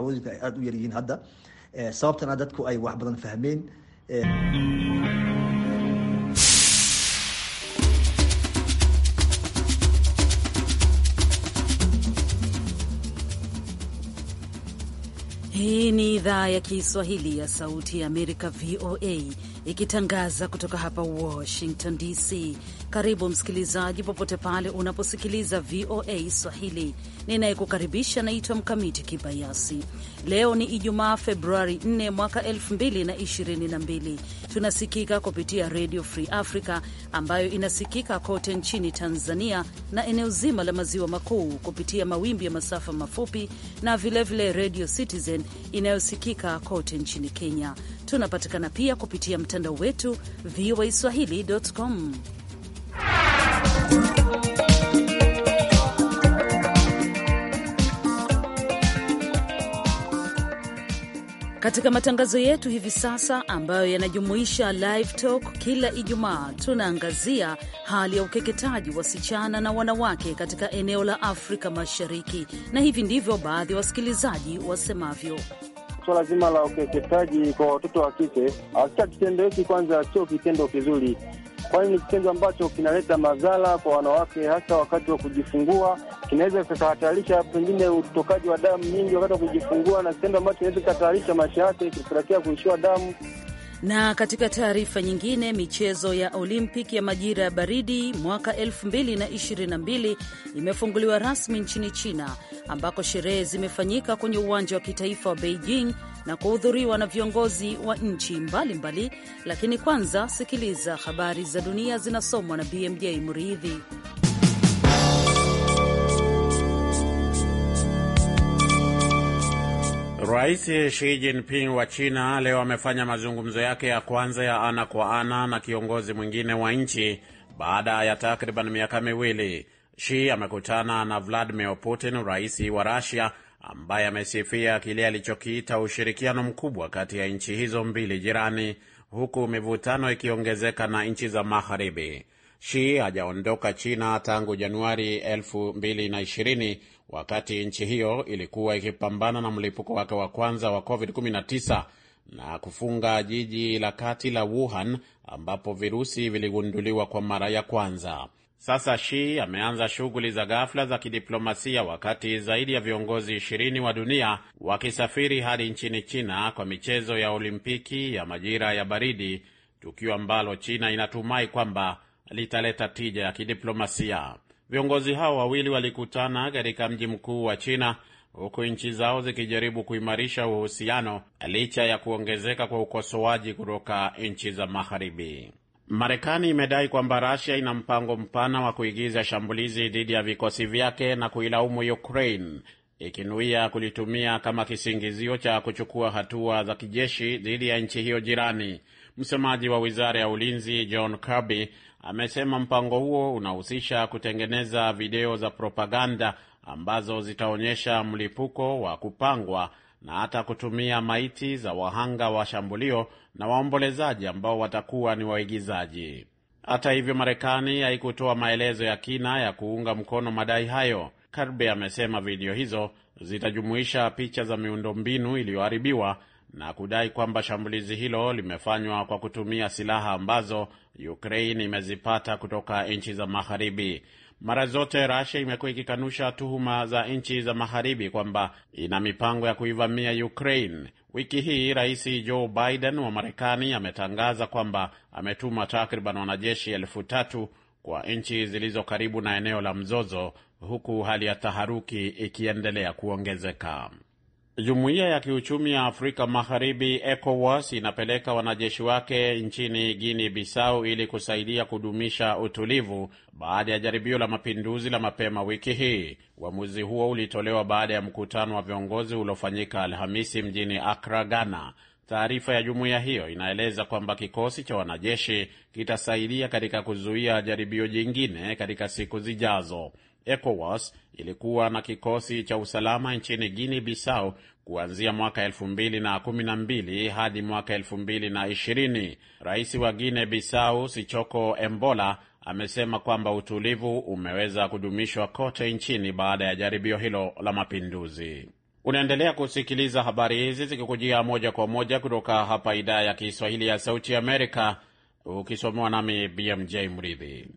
awooda ay aad u yaryihiin hadda انا دتكو اي واحد badan fahmeen Hii ni idhaa ya Kiswahili ya Sauti ya Amerika, VOA, ikitangaza kutoka hapa Washington DC. Karibu msikilizaji, popote pale unaposikiliza VOA Swahili. Ninayekukaribisha naitwa Mkamiti Kibayasi. Leo ni Ijumaa, Februari 4 mwaka 2022. Tunasikika kupitia Radio Free Africa ambayo inasikika kote nchini Tanzania na eneo zima la maziwa makuu kupitia mawimbi ya masafa mafupi na vilevile vile Radio Citizen inayosikika kote nchini Kenya. Tunapatikana pia kupitia mtandao wetu voa swahilicom katika matangazo yetu hivi sasa ambayo yanajumuisha live talk kila Ijumaa, tunaangazia hali ya ukeketaji wasichana na wanawake katika eneo la Afrika Mashariki, na hivi ndivyo baadhi ya wasikilizaji wasemavyo. Suala zima la ukeketaji kwa watoto wa kike, hakika kitendo hiki kwanza sio kitendo kizuri, kwani ni kitendo ambacho kinaleta madhara kwa wanawake, hasa wakati wa kujifungua. Kinaweza kikahatarisha pengine utokaji wa damu nyingi wakati wa kujifungua, na kitendo ambacho kinaweza kikahatarisha maisha yake, kipelekea kuishiwa damu na katika taarifa nyingine, michezo ya Olimpiki ya majira ya baridi mwaka 2022 imefunguliwa rasmi nchini China, ambako sherehe zimefanyika kwenye uwanja wa kitaifa wa Beijing na kuhudhuriwa na viongozi wa nchi mbalimbali mbali. Lakini kwanza sikiliza habari za dunia zinasomwa na BMJ Mridhi. Rais Xi Jinping wa China leo amefanya mazungumzo yake ya kwanza ya ana kwa ana na kiongozi mwingine wa nchi baada ya takriban miaka miwili. Xi amekutana na Vladimir Putin, rais wa Russia, ambaye amesifia kile alichokiita ushirikiano mkubwa kati ya nchi hizo mbili jirani, huku mivutano ikiongezeka na nchi za magharibi. Xi hajaondoka China tangu Januari 2020 wakati nchi hiyo ilikuwa ikipambana na mlipuko wake wa kwanza wa COVID-19 na kufunga jiji la kati la Wuhan ambapo virusi viligunduliwa kwa mara ya kwanza. Sasa shi ameanza shughuli za ghafla za kidiplomasia wakati zaidi ya viongozi ishirini wa dunia wakisafiri hadi nchini China kwa michezo ya Olimpiki ya majira ya baridi, tukio ambalo China inatumai kwamba litaleta tija ya kidiplomasia. Viongozi hao wawili walikutana katika mji mkuu wa China huku nchi zao zikijaribu kuimarisha uhusiano licha ya kuongezeka kwa ukosoaji kutoka nchi za magharibi. Marekani imedai kwamba Russia ina mpango mpana wa kuigiza shambulizi dhidi ya vikosi vyake na kuilaumu Ukraine, ikinuia kulitumia kama kisingizio cha kuchukua hatua za kijeshi dhidi ya nchi hiyo jirani. Msemaji wa wizara ya ulinzi John Kirby amesema mpango huo unahusisha kutengeneza video za propaganda ambazo zitaonyesha mlipuko wa kupangwa na hata kutumia maiti za wahanga wa shambulio na waombolezaji ambao watakuwa ni waigizaji. Hata hivyo, Marekani haikutoa maelezo ya kina ya kuunga mkono madai hayo. Karbe amesema video hizo zitajumuisha picha za miundombinu iliyoharibiwa na kudai kwamba shambulizi hilo limefanywa kwa kutumia silaha ambazo Ukraine imezipata kutoka nchi za magharibi. Mara zote Russia imekuwa ikikanusha tuhuma za nchi za magharibi kwamba ina mipango ya kuivamia Ukraine. Wiki hii Rais Joe Biden wa Marekani ametangaza kwamba ametuma takriban wanajeshi elfu tatu kwa nchi zilizo karibu na eneo la mzozo, huku hali ya taharuki ikiendelea kuongezeka. Jumuiya ya Kiuchumi ya Afrika Magharibi, ECOWAS, inapeleka wanajeshi wake nchini Guini Bissau ili kusaidia kudumisha utulivu baada ya jaribio la mapinduzi la mapema wiki hii. Uamuzi huo ulitolewa baada ya mkutano wa viongozi uliofanyika Alhamisi mjini Accra, Ghana. Taarifa ya jumuiya hiyo inaeleza kwamba kikosi cha wanajeshi kitasaidia katika kuzuia jaribio jingine katika siku zijazo. ECOWAS ilikuwa na kikosi cha usalama nchini Guinea Bissau kuanzia mwaka elfu mbili na kumi na mbili hadi mwaka elfu mbili na ishirini. Rais wa guine bisau Sichoko Embola amesema kwamba utulivu umeweza kudumishwa kote nchini baada ya jaribio hilo la mapinduzi. Unaendelea kusikiliza habari hizi zikikujia moja kwa moja kutoka hapa idhaa ya Kiswahili ya Sauti Amerika, ukisomewa nami BMJ Mridhi.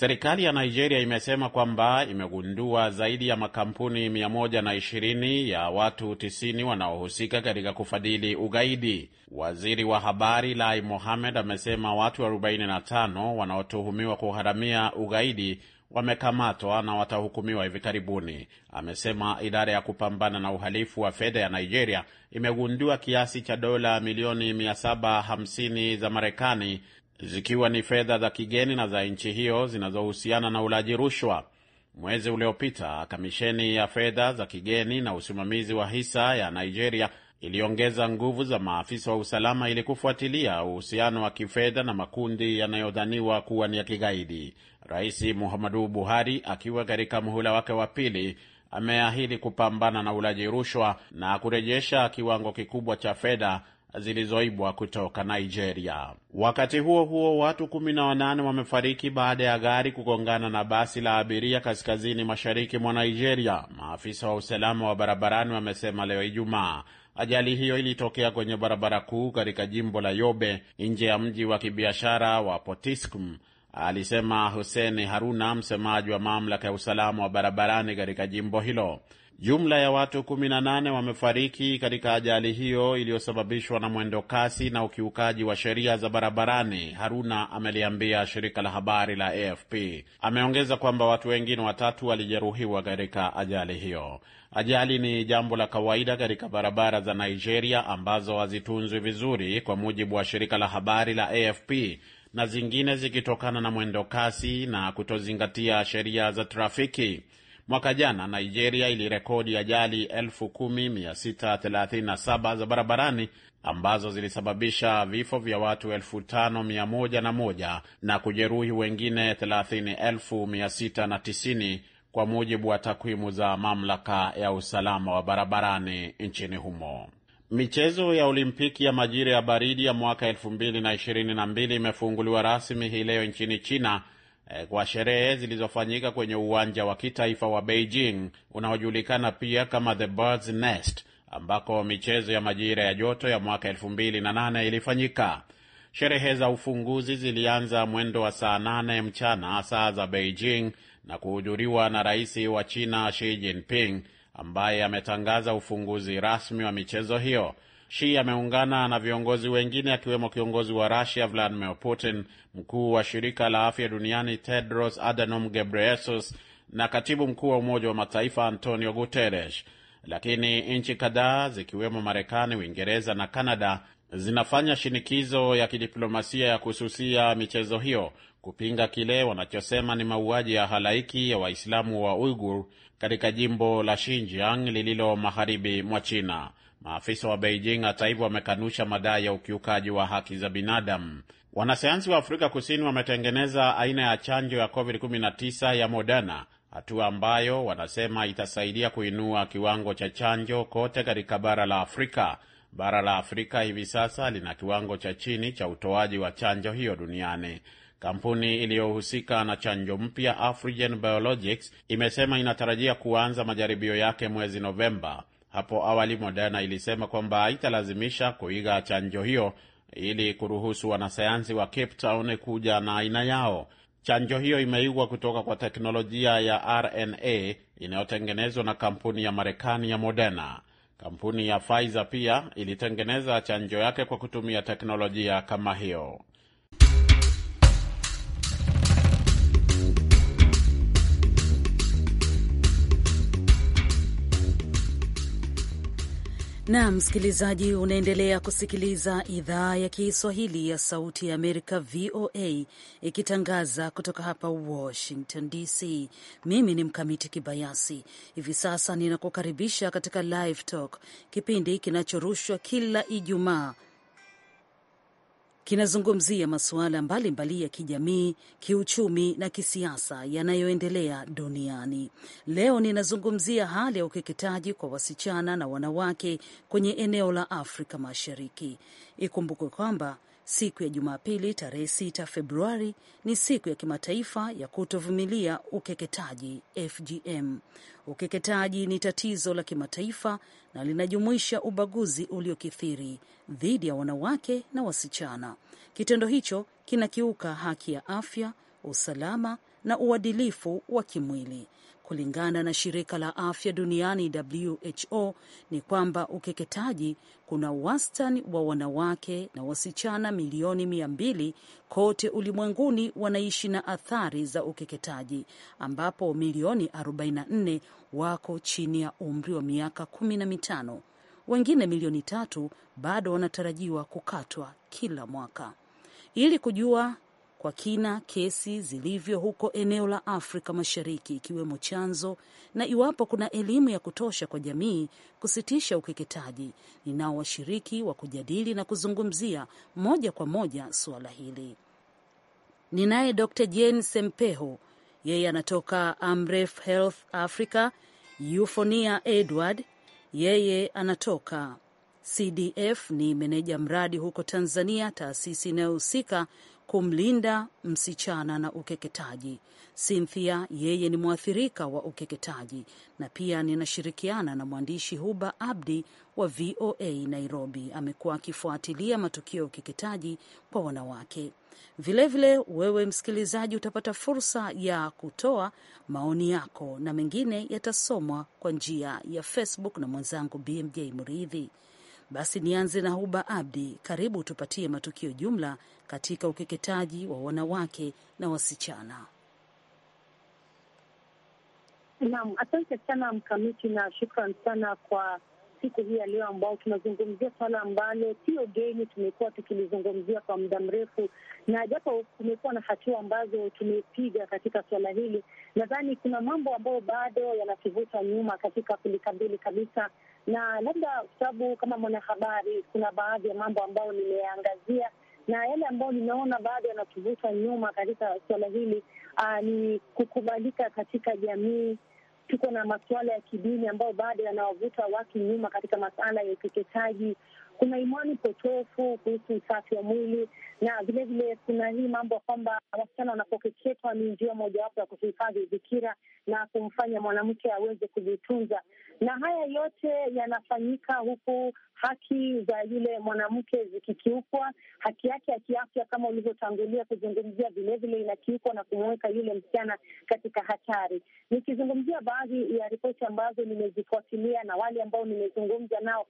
Serikali ya Nigeria imesema kwamba imegundua zaidi ya makampuni 120 ya watu 90 wanaohusika katika kufadhili ugaidi. Waziri wa habari Lai Mohamed amesema watu 45 wanaotuhumiwa kuharamia ugaidi wamekamatwa na watahukumiwa hivi karibuni. Amesema idara ya kupambana na uhalifu wa fedha ya Nigeria imegundua kiasi cha dola milioni 750 za Marekani zikiwa ni fedha za kigeni na za nchi hiyo zinazohusiana na ulaji rushwa. Mwezi uliopita kamisheni ya fedha za kigeni na usimamizi wa hisa ya Nigeria iliongeza nguvu za maafisa wa usalama ili kufuatilia uhusiano wa kifedha na makundi yanayodhaniwa kuwa ni ya kigaidi. Rais Muhammadu Buhari akiwa katika muhula wake wa pili ameahidi kupambana na ulaji rushwa na kurejesha kiwango kikubwa cha fedha zilizoibwa kutoka Nigeria. Wakati huo huo, watu kumi na wanane wamefariki baada ya gari kugongana na basi la abiria kaskazini mashariki mwa Nigeria, maafisa wa usalama wa barabarani wamesema leo Ijumaa. Ajali hiyo ilitokea kwenye barabara kuu katika jimbo la Yobe, nje ya mji wa kibiashara wa Potiskum, alisema Hussein Haruna, msemaji wa mamlaka ya usalama wa barabarani katika jimbo hilo. Jumla ya watu 18 wamefariki katika ajali hiyo iliyosababishwa na mwendo kasi na ukiukaji wa sheria za barabarani, Haruna ameliambia shirika la habari la AFP. Ameongeza kwamba watu wengine watatu walijeruhiwa katika ajali hiyo. Ajali ni jambo la kawaida katika barabara za Nigeria ambazo hazitunzwi vizuri, kwa mujibu wa shirika la habari la AFP, na zingine zikitokana na mwendo kasi na kutozingatia sheria za trafiki. Mwaka jana Nigeria ilirekodi ajali 10637 za barabarani ambazo zilisababisha vifo vya watu 5101 na, na kujeruhi wengine 30690 kwa mujibu wa takwimu za mamlaka ya usalama wa barabarani nchini humo. Michezo ya Olimpiki ya majira ya baridi ya mwaka 2022 imefunguliwa rasmi hii leo nchini China Eh, kwa sherehe zilizofanyika kwenye uwanja wa kitaifa wa Beijing unaojulikana pia kama The Bird's Nest ambako michezo ya majira ya joto ya mwaka elfu ilifanyika. Sherehe za ufunguzi zilianza mwendo wa saa nane mchana saa za Beijing na kuhudhuriwa na rais wa China Xi Jinping ambaye ametangaza ufunguzi rasmi wa michezo hiyo shi ameungana na viongozi wengine akiwemo kiongozi wa Russia Vladimir Putin, mkuu wa shirika la afya duniani Tedros Adhanom Ghebreyesus na katibu mkuu wa Umoja wa Mataifa Antonio Guterres. Lakini nchi kadhaa zikiwemo Marekani, Uingereza na Kanada zinafanya shinikizo ya kidiplomasia ya kususia michezo hiyo kupinga kile wanachosema ni mauaji ya halaiki ya Waislamu wa uigur katika jimbo la Xinjiang lililo magharibi mwa China. Maafisa wa Beijing hata hivyo wamekanusha madai ya ukiukaji wa haki za binadamu. Wanasayansi wa Afrika Kusini wametengeneza aina ya chanjo ya COVID-19 ya Moderna, hatua ambayo wanasema itasaidia kuinua kiwango cha chanjo kote katika bara la Afrika. Bara la Afrika hivi sasa lina kiwango cha chini cha utoaji wa chanjo hiyo duniani. Kampuni iliyohusika na chanjo mpya Afrigen Biologics imesema inatarajia kuanza majaribio yake mwezi Novemba. Hapo awali Moderna ilisema kwamba haitalazimisha kuiga chanjo hiyo ili kuruhusu wanasayansi wa Cape Town kuja na aina yao. Chanjo hiyo imeigwa kutoka kwa teknolojia ya RNA inayotengenezwa na kampuni ya Marekani ya Moderna. Kampuni ya Pfizer pia ilitengeneza chanjo yake kwa kutumia teknolojia kama hiyo. na msikilizaji, unaendelea kusikiliza idhaa ya Kiswahili ya Sauti ya Amerika, VOA, ikitangaza kutoka hapa Washington DC. Mimi ni Mkamiti Kibayasi. Hivi sasa ninakukaribisha katika Live Talk, kipindi kinachorushwa kila Ijumaa kinazungumzia masuala mbalimbali ya kijamii, kiuchumi na kisiasa yanayoendelea duniani. Leo ninazungumzia hali ya ukeketaji kwa wasichana na wanawake kwenye eneo la Afrika Mashariki. Ikumbukwe kwamba Siku ya Jumapili tarehe 6 Februari ni siku ya kimataifa ya kutovumilia ukeketaji FGM. Ukeketaji ni tatizo la kimataifa na linajumuisha ubaguzi uliokithiri dhidi ya wanawake na wasichana. Kitendo hicho kinakiuka haki ya afya, usalama na uadilifu wa kimwili Kulingana na shirika la afya duniani WHO, ni kwamba ukeketaji kuna wastani wa wanawake na wasichana milioni mia mbili kote ulimwenguni wanaishi na athari za ukeketaji, ambapo milioni 44 wako chini ya umri wa miaka kumi na mitano. Wengine milioni tatu bado wanatarajiwa kukatwa kila mwaka. Ili kujua kwa kina kesi zilivyo huko eneo la Afrika Mashariki, ikiwemo chanzo na iwapo kuna elimu ya kutosha kwa jamii kusitisha ukeketaji. Ninao washiriki wa kujadili na kuzungumzia moja kwa moja suala hili. Ninaye Dr Jane Sempeho, yeye anatoka Amref Health Africa. Eufonia Edward, yeye anatoka CDF, ni meneja mradi huko Tanzania, taasisi inayohusika kumlinda msichana na ukeketaji. Cynthia yeye ni mwathirika wa ukeketaji, na pia ninashirikiana na mwandishi Huba Abdi wa VOA Nairobi. Amekuwa akifuatilia matukio ya ukeketaji kwa wanawake. Vilevile vile, wewe msikilizaji utapata fursa ya kutoa maoni yako na mengine yatasomwa kwa njia ya Facebook na mwenzangu BMJ Mridhi. Basi nianze na Huba Abdi, karibu tupatie matukio jumla katika ukeketaji wa wanawake na wasichana. Naam, asante sana Mkamiti, na shukran sana kwa siku hii ya leo ambao tunazungumzia swala ambalo sio geni, tumekuwa tukilizungumzia kwa muda mrefu, na japo kumekuwa na hatua ambazo tumepiga katika swala hili, nadhani kuna mambo ambayo bado yanatuvuta nyuma katika kulikabili kabisa, na labda kwa sababu kama mwanahabari, kuna baadhi ya mambo ambayo nimeangazia na yale ambayo ninaona bado yanatuvuta nyuma katika suala hili ah, ni kukubalika katika jamii tuko na masuala ya kidini ambayo bado yanawavuta watu nyuma katika masuala ya ukeketaji. Kuna imani potofu kuhusu usafi wa mwili na vilevile kuna hii mambo ya kwamba wasichana wanapokeketwa ni njia mojawapo ya kuhifadhi dhikira na kumfanya mwanamke aweze kujitunza, na haya yote yanafanyika huku haki za yule mwanamke zikikiukwa, haki yake ya kiafya kama ulivyotangulia kuzungumzia, vilevile inakiukwa na kumuweka yule msichana katika hatari. Nikizungumzia baadhi ya ripoti ambazo nimezifuatilia na wale ambao nimezungumza nao,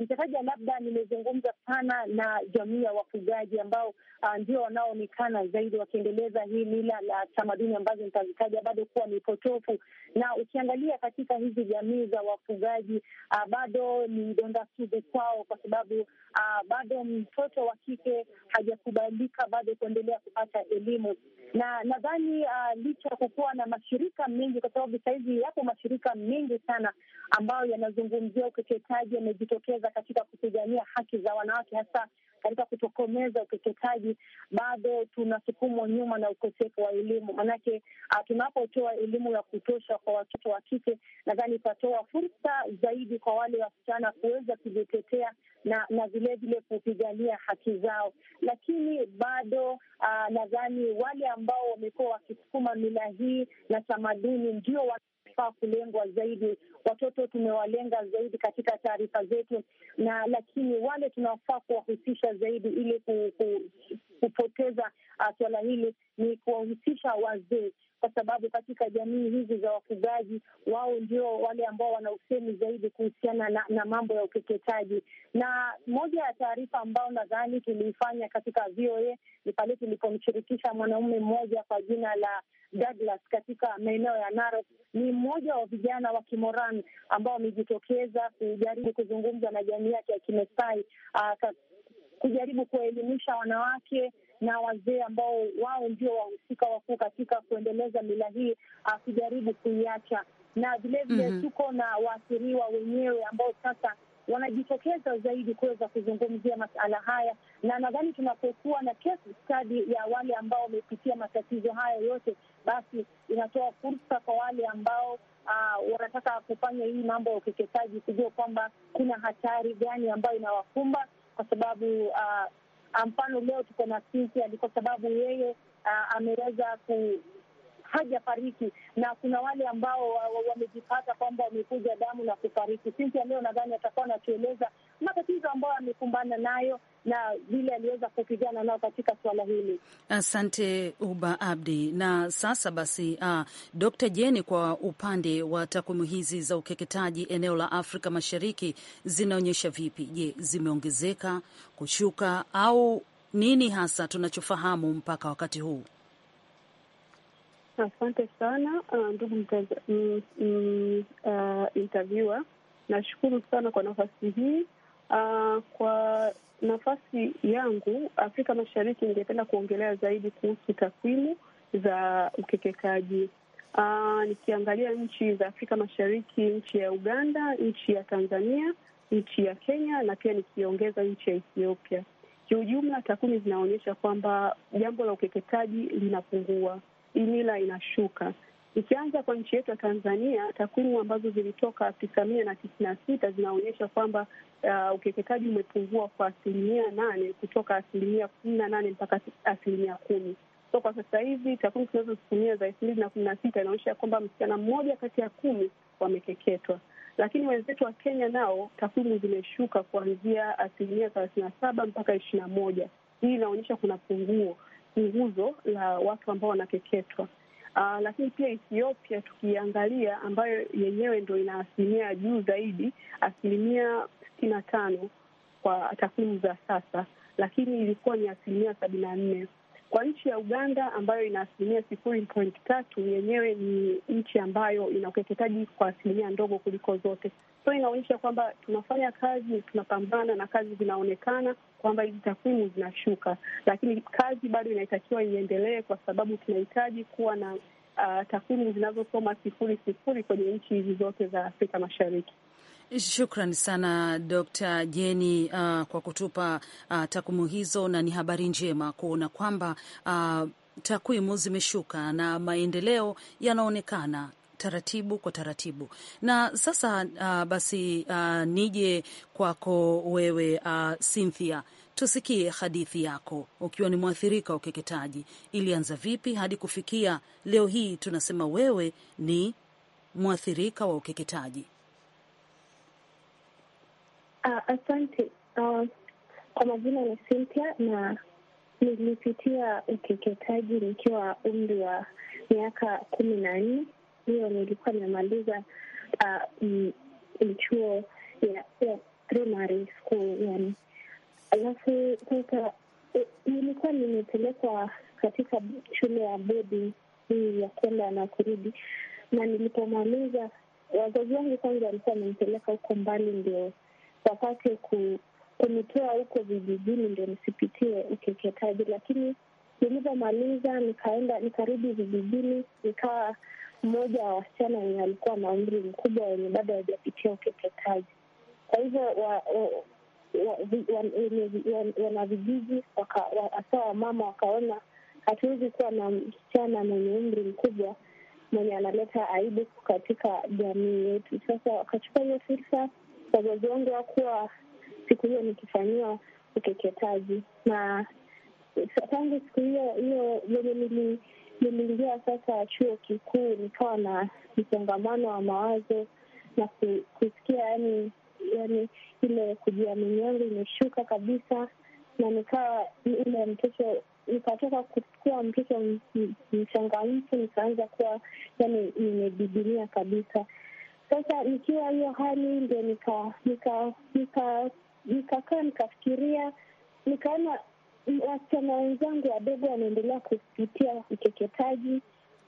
nitataja ah, labda, nimezungumza sana na jamii ya wafugaji ambao ah, ndio wanaoonekana zaidi wakiendeleza hii mila la tamaduni ambazo nitazitaja bado kuwa ni potofu, na ukiangalia katika hizi jamii za wafugaji ah, bado ni donda sugu kwao, kwa sababu uh, bado mtoto wa kike hajakubalika bado kuendelea kupata elimu, na nadhani uh, licha ya kukuwa na mashirika mengi, kwa sababu sahizi yapo mashirika mengi sana ambayo yanazungumzia ukeketaji, yamejitokeza katika kupigania haki za wanawake hasa katika kutokomeza ukeketaji, bado tunasukumwa nyuma na ukosefu wa elimu. Manake ah, tunapotoa elimu ya kutosha kwa watoto wa kike, nadhani itatoa fursa zaidi kwa wale wasichana kuweza kujitetea kutetea na na vilevile kupigania haki zao, lakini bado uh, nadhani wale ambao wamekuwa wakisukuma mila hii na tamaduni ndio wanafaa kulengwa zaidi. Watoto tumewalenga zaidi katika taarifa zetu, na lakini wale tunafaa kuwahusisha zaidi ili ku, ku, kupoteza uh, swala hili ni kuwahusisha wazee kwa sababu katika jamii hizi za wafugaji, wao ndio wale ambao wana usemi zaidi kuhusiana na, na mambo ya ukeketaji. Na moja ya taarifa ambayo nadhani tuliifanya katika VOA ni pale tulipomshirikisha mwanaume mmoja kwa jina la Douglas katika maeneo ya Narok. Ni mmoja wa vijana wa Kimoran ambao wamejitokeza kujaribu kuzungumza na jamii yake ya Kimesai, kujaribu kuwaelimisha wanawake na wazee ambao wao ndio wahusika wakuu katika kuendeleza mila hii akijaribu kuiacha, na vilevile mm -hmm. tuko na waathiriwa wenyewe ambao sasa wanajitokeza zaidi kuweza kuzungumzia masala haya, na nadhani tunapokuwa na case study ya wale ambao wamepitia matatizo haya yote, basi inatoa fursa kwa wale ambao Uh, wanataka kufanya hii mambo ya ukeketaji kujua kwamba kuna hatari gani ambayo inawakumba kwa sababu uh, Ah, mfano leo tuko na Cynthia kwa sababu yeye ah, ameweza ku hajafariki na kuna wale ambao wamejipata kwamba wamekuja damu na kufariki. Cynthia leo nadhani atakuwa anatueleza matatizo ambayo amekumbana nayo na vile aliweza kupigana nao katika suala hili. Asante Uba Abdi. Na sasa basi, uh, ah, Dr. Jeni, kwa upande wa takwimu hizi za ukeketaji eneo la Afrika Mashariki zinaonyesha vipi? Je, zimeongezeka, kushuka, au nini hasa tunachofahamu mpaka wakati huu? Asante sana ah, ndugu uh, interviewer, nashukuru sana kwa nafasi hii uh, kwa nafasi yangu Afrika Mashariki, ningependa kuongelea zaidi kuhusu takwimu za ukeketaji. Aa, ah, nikiangalia nchi za Afrika Mashariki, nchi ya Uganda, nchi ya Tanzania, nchi ya Kenya na pia nikiongeza nchi ya Ethiopia. Kiujumla, takwimu zinaonyesha kwamba jambo la ukeketaji linapungua, imila inashuka. Ikianza kwa nchi yetu ya Tanzania, takwimu ambazo zilitoka tisa mia na tisini na sita zinaonyesha kwamba uh, ukeketaji umepungua kwa asilimia nane kutoka asilimia kumi na nane mpaka asilimia kumi. So kwa sasa hivi takwimu tunazozitumia za elfu mbili na kumi na sita inaonyesha kwamba msichana mmoja kati ya kumi wamekeketwa, lakini wenzetu wa Kenya nao takwimu zimeshuka kuanzia asilimia thelathini na saba mpaka ishirini na moja. Hii inaonyesha kuna punguo punguzo la watu ambao wanakeketwa. Uh, lakini pia Ethiopia tukiangalia, ambayo yenyewe ndo ina asilimia ya juu zaidi, asilimia sitini na tano kwa takwimu za sasa, lakini ilikuwa ni asilimia sabini na nne kwa nchi ya Uganda ambayo ina asilimia sifuri pointi tatu. Yenyewe ni nchi ambayo ina ukeketaji kwa asilimia ndogo kuliko zote, so inaonyesha kwamba tunafanya kazi, tunapambana na kazi zinaonekana kwamba hizi takwimu zinashuka, lakini kazi bado inatakiwa iendelee, kwa sababu tunahitaji kuwa na uh, takwimu zinazosoma sifuri sifuri kwenye nchi hizi zote za Afrika Mashariki. Shukran sana Dr. Jeni uh, kwa kutupa uh, takwimu hizo, na ni habari njema kuona kwamba uh, takwimu zimeshuka na maendeleo yanaonekana taratibu kwa taratibu. Na sasa uh, basi uh, nije kwako wewe uh, Cynthia, tusikie hadithi yako ukiwa ni mwathirika wa ukeketaji. Ilianza vipi hadi kufikia leo hii tunasema wewe ni mwathirika wa ukeketaji? Uh, asante. Uh, kwa majina ni Cynthia na nilipitia ukeketaji nikiwa umri wa miaka kumi na nne. Hiyo nilikuwa nimemaliza uh, ah, mm, chuo ya, primary school yani, alafu sasa eh, nilikuwa nimepelekwa katika shule ya bodi hii ya kwenda na kurudi, na nilipomaliza wazazi wangu kwanza walikuwa wamempeleka huko mbali, ndio wapate ku, kunitoa huko vijijini ndio nisipitie ukeketaji. Lakini nilivyomaliza nikaenda nikarudi vijijini, nikawa mmoja wa wasichana wenye alikuwa na umri mkubwa wenye bado hawajapitia ukeketaji. Kwa hivyo wanavijiji hasa wamama wakaona hatuwezi kuwa na msichana mwenye umri mkubwa mwenye analeta aibu katika jamii yetu. Sasa wakachukua hiyo fursa wazazi wangu wakuwa siku hiyo nikifanyiwa ukeketaji, na tangu siku hiyo hiyo venye niliingia sasa chuo kikuu nikawa na msongamano wa mawazo na kusikia yani, yani ile kujiamini yangu imeshuka kabisa, na nikawa ile mtoto nikatoka kuwa mtoto mchangamfu nikaanza kuwa yani nimedidimia kabisa. Sasa nikiwa hiyo hali ndio nika nika nikakaa nikafikiria, nikaona wasichana wenzangu wadogo wanaendelea kupitia ukeketaji,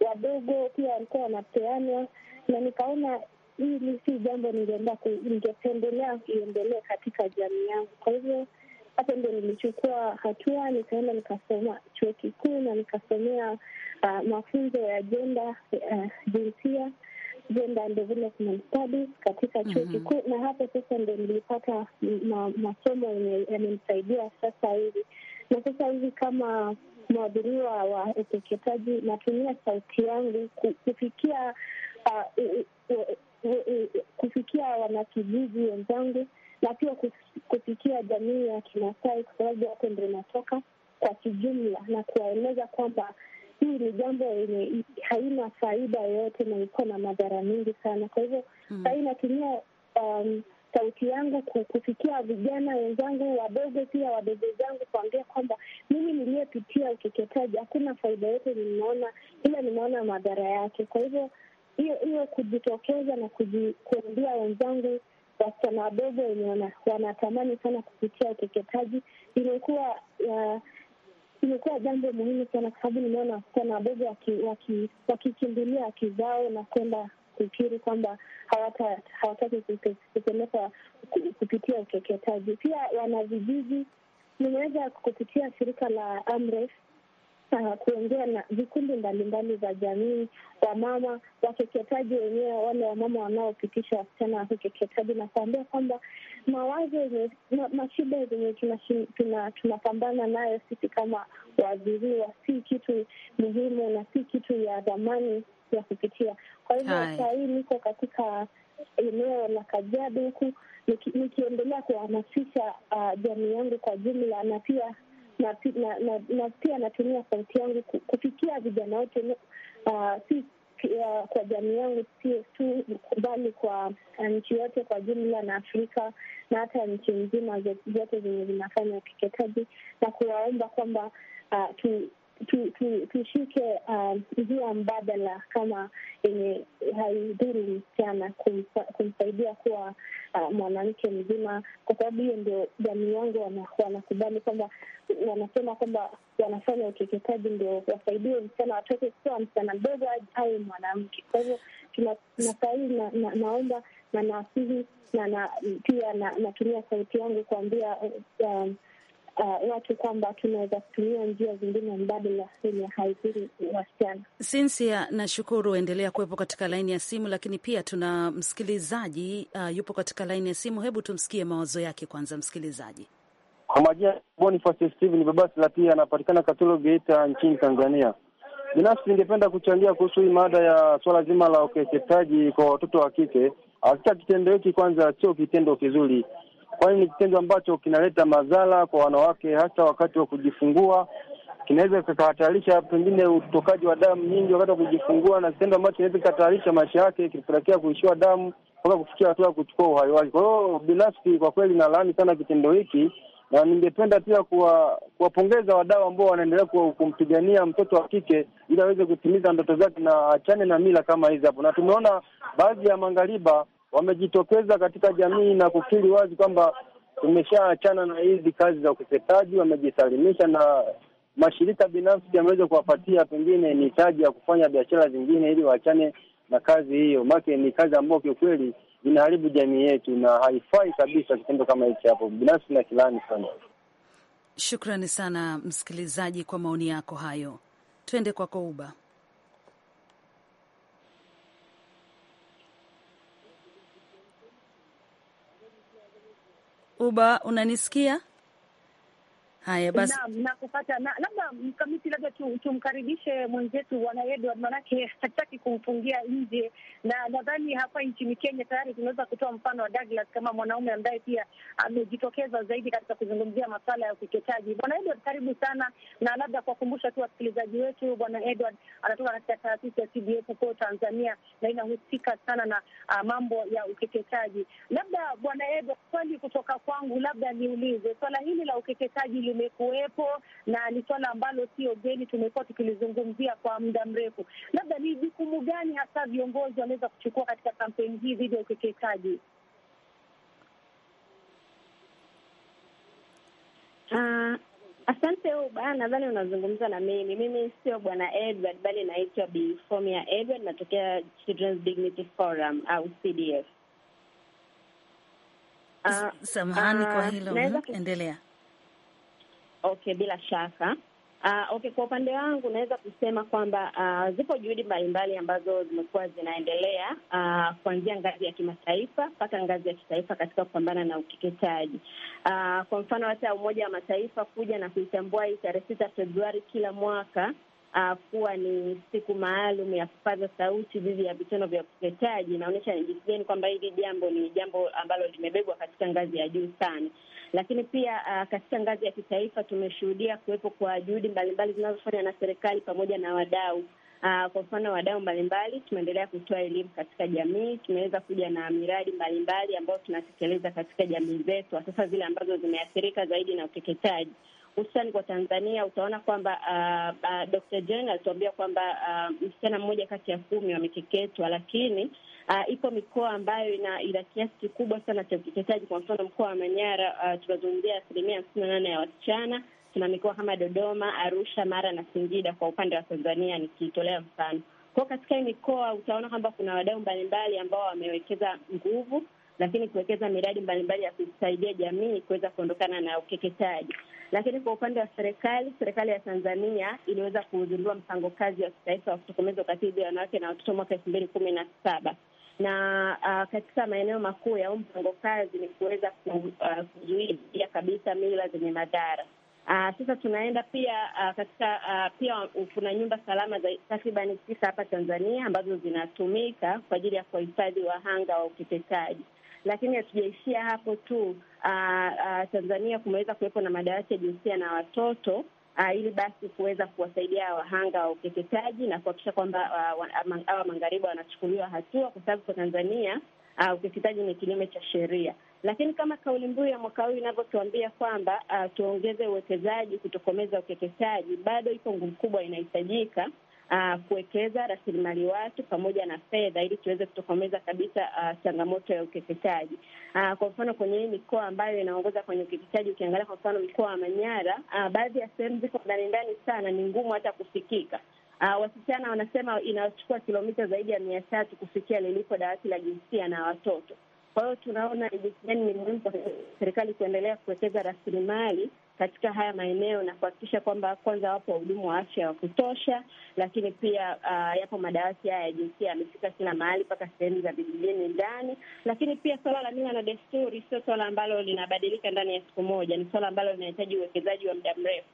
wadogo pia walikuwa wanapeanwa, na nikaona hili si jambo ningependelea iendelee katika jamii yangu. Kwa hivyo hapo ndio nilichukua hatua, nikaenda nikasoma chuo kikuu na nikasomea uh, mafunzo ya jenda uh, eh, jinsia gender and development studies katika chuo mhm. kikuu mm -hmm. na hapo sasa ndo nilipata masomo yenye yamenisaidia sasa hivi, na sasa hivi kama mwadhiriwa wa ukeketaji natumia sauti yangu kufikia uh, kufikia wanakijiji wenzangu na pia kufikia jamii ya Kimasai kwa sababu hapo ndo inatoka kwa kijumla, na kuwaeleza kwamba hii ni jambo yenye haina faida yoyote na iko na madhara mingi sana. Kwa hivyo mm, sahii natumia um, sauti yangu kufikia vijana wenzangu wadogo, pia wadogo zangu, kuambia kwamba mimi niliyepitia ukeketaji hakuna faida yote nimeona, ila nimeona madhara yake. Kwa hivyo hiyo hiyo kujitokeza na kuambia wenzangu wasichana wadogo wenye wanatamani sana kupitia ukeketaji imekuwa uh, imekuwa jambo muhimu sana, kwa sababu nimeona wasichana wadogo wakikimbilia haki zao na kwenda kukiri kwamba hawataki kupelekwa kupitia ukeketaji. Pia wanavijiji nimeweza kupitia shirika la Amref uh, kuongea na vikundi mbalimbali vya jamii, wamama wakeketaji wenyewe, wale wamama wanaopitisha wasichana wa na kuambia kwamba mawazo ma, mashida zenye tunapambana nayo sisi kama waadhiriwa si kitu muhimu na si kitu ya dhamani ya kupitia. Kwa hivyo saa hii niko katika eneo la Kajiado huku nikiendelea kuhamasisha uh, jamii yangu kwa jumla na pia na, na, na, na pia natumia sauti yangu kufikia vijana wote uh, si uh, kwa jamii yangu tu bali kwa uh, nchi yote kwa jumla na Afrika na hata nchi nzima zote zenye zinafanya ukeketaji na kuwaomba kwamba uh, tushike uh, njia mbadala kama yenye haidhuru msichana, kumsaidia kuwa uh, mwanamke mzima, kwa sababu hiyo ndio jamii yangu wanakubali kwamba wanasema kwamba wanafanya ukeketaji ndio wasaidie msichana watoke kuwa msichana mdogo au mwanamke. Kwa hivyo tunasahii naomba na naasihi na pia natumia sauti yangu kuambia uh, uh, watu kwamba tunaweza kutumia njia zingine mbadala zenye haidhuru wasichana. Sinsia, nashukuru, endelea kuwepo katika laini ya simu, lakini pia tuna msikilizaji uh, yupo katika laini ya simu. Hebu tumsikie mawazo yake kwanza, msikilizaji. Kwa majina Boniface Steven Babasi la pia anapatikana katolo Geita nchini Tanzania. Binafsi ningependa kuchangia kuhusu hii mada ya swala zima la ukeketaji kwa watoto wa kike. Hakika kitendo hiki kwanza sio kitendo kizuri, kwani ni kitendo ambacho kinaleta madhara kwa wanawake, hasa wakati wa kujifungua. Kinaweza kikahatarisha pengine utokaji wa damu nyingi wakati wa kujifungua, na kitendo ambacho kinaweza kikahatarisha maisha yake, kipelekea kuishiwa damu mpaka kufikia hatua ya kuchukua uhai wake. Kwa hiyo binafsi, kwa kweli nalaani sana kitendo hiki, na ningependa pia kuwapongeza kuwa wadau ambao wanaendelea kumpigania mtoto wa kike ili aweze kutimiza ndoto zake na achane na mila kama hizi hapo. Na tumeona baadhi ya mangariba wamejitokeza katika jamii na kukiri wazi kwamba tumeshaachana na hizi kazi za ukeketaji, wamejisalimisha na mashirika binafsi yameweza kuwapatia pengine ni taji ya kufanya biashara zingine ili waachane na kazi hiyo. Make ni kazi ambayo kiukweli inaharibu jamii yetu na haifai kabisa kitendo kama hichi hapo, binafsi na kilani sana. Shukrani sana msikilizaji kwa maoni yako hayo. Twende kwako Uba. Uba, unanisikia? Haya basi, nakupata na labda mkamiti, labda tumkaribishe mwenzetu Bwana Edward, manake hataki kumfungia nje, na nadhani hapa nchini Kenya tayari tunaweza kutoa mfano wa Douglas kama mwanaume ambaye pia amejitokeza zaidi katika kuzungumzia masuala ya ukeketaji. Bwana Edward, karibu sana, na labda kuwakumbusha tu wasikilizaji wetu, Bwana Edward anatoka katika taasisi ya CDF huko Tanzania na inahusika sana na uh, mambo ya ukeketaji. Labda Bwana Edward, swali kutoka kwangu, labda niulize swala hili la ukeketaji limekuwepo na ni swala ambalo sio geni, tumekuwa tukilizungumzia kwa muda mrefu. Labda ni jukumu gani hasa viongozi wanaweza kuchukua katika kampeni hii dhidi ya ukeketaji? Uh, asante Uba, nadhani unazungumza na mimi. Mimi sio bwana Edward bali naitwa Bi Fomia Edward, natokea Children's Dignity Forum au CDF. Uh, samahani uh, kwa hilo, hmm, endelea. Okay, bila shaka. Uh, okay, kwa upande wangu naweza kusema kwamba uh, zipo juhudi mbalimbali ambazo zimekuwa zinaendelea uh, kuanzia ngazi ya kimataifa mpaka ngazi ya kitaifa katika kupambana na ukeketaji. Uh, kwa mfano hata Umoja wa Mataifa kuja na kuitambua hii tarehe sita Februari kila mwaka uh, kuwa ni siku maalum ya kupaza sauti dhidi ya vitendo vya ukeketaji inaonyesha ni jinsi gani kwamba hili jambo ni jambo ambalo limebebwa katika ngazi ya juu sana. Lakini pia uh, katika ngazi ya kitaifa tumeshuhudia kuwepo kwa juhudi mbalimbali zinazofanywa na serikali pamoja na wadau Uh, kwa mfano wadau mbalimbali tumeendelea kutoa elimu katika jamii. Tumeweza kuja na miradi mbalimbali ambayo tunatekeleza katika jamii zetu, hasa zile ambazo zimeathirika zaidi na ukeketaji hususani kwa Tanzania. Utaona kwamba uh, uh, Dr. Jane alituambia kwamba uh, msichana mmoja kati ya kumi wamekeketwa, lakini Uh, ipo mikoa ambayo ina, ina kiasi kikubwa sana cha ukeketaji. Kwa mfano mkoa wa Manyara uh, tunazungumzia asilimia hamsini na nane ya wasichana. Tuna mikoa kama Dodoma, Arusha, Mara na Singida kwa upande wa Tanzania nikitolea mfano. Kwa katika hii mikoa utaona kwamba kuna wadau mbalimbali ambao wamewekeza nguvu, lakini kuwekeza miradi mbalimbali ya kusaidia jamii kuweza kuondokana na ukeketaji. Lakini kwa upande wa serikali, serikali ya Tanzania iliweza kuzindua mpango kazi wa kitaifa wa kutokomeza ukatili dhidi ya wanawake na watoto mwaka elfu mbili kumi na saba na uh, katika maeneo makuu ya huu mpango kazi ni kuweza uh, kuzuia uh, kabisa mila zenye madhara. Uh, sasa tunaenda pia uh, katika uh, pia kuna nyumba salama za takribani tisa hapa Tanzania ambazo zinatumika kwa ajili ya kuwahifadhi wahanga wa ukeketaji, lakini hatujaishia hapo tu. Uh, uh, Tanzania kumeweza kuwepo na madawati ya jinsia na watoto uh, ili basi kuweza kuwasaidia wahanga wa ukeketaji na kuhakikisha kwamba ah, ah, hawa uh, magharibi wanachukuliwa hatua, kwa sababu kwa Tanzania uh, ukeketaji ni kinyume cha sheria. Lakini kama kauli mbiu ya mwaka huu inavyotuambia kwamba uh, tuongeze uwekezaji kutokomeza ukeketaji, bado iko nguvu kubwa inahitajika uh, kuwekeza rasilimali watu pamoja na fedha ili tuweze kutokomeza kabisa uh, changamoto ya ukeketaji. Uh, kwa mfano kwenye hii mikoa ambayo inaongoza kwenye ukeketaji, ukiangalia kwa mfano mkoa wa Manyara, uh, baadhi ya sehemu ziko ndani ndani sana, ni ngumu hata kufikika. Uh, wasichana wanasema inachukua kilomita zaidi ya mia tatu kufikia lilipo dawati la jinsia na watoto. Kwa hiyo tunaona jinsi gani ni muhimu kwa serikali kuendelea kuwekeza rasilimali katika haya maeneo na kuhakikisha kwamba kwanza wapo wahudumu wa afya wa kutosha, lakini pia uh, yapo madawati haya ya jinsia yamefika kila mahali mpaka sehemu za vijijini ndani. Lakini pia swala la mila na desturi sio swala ambalo linabadilika ndani ya siku moja, ni swala ambalo linahitaji uwekezaji wa muda mrefu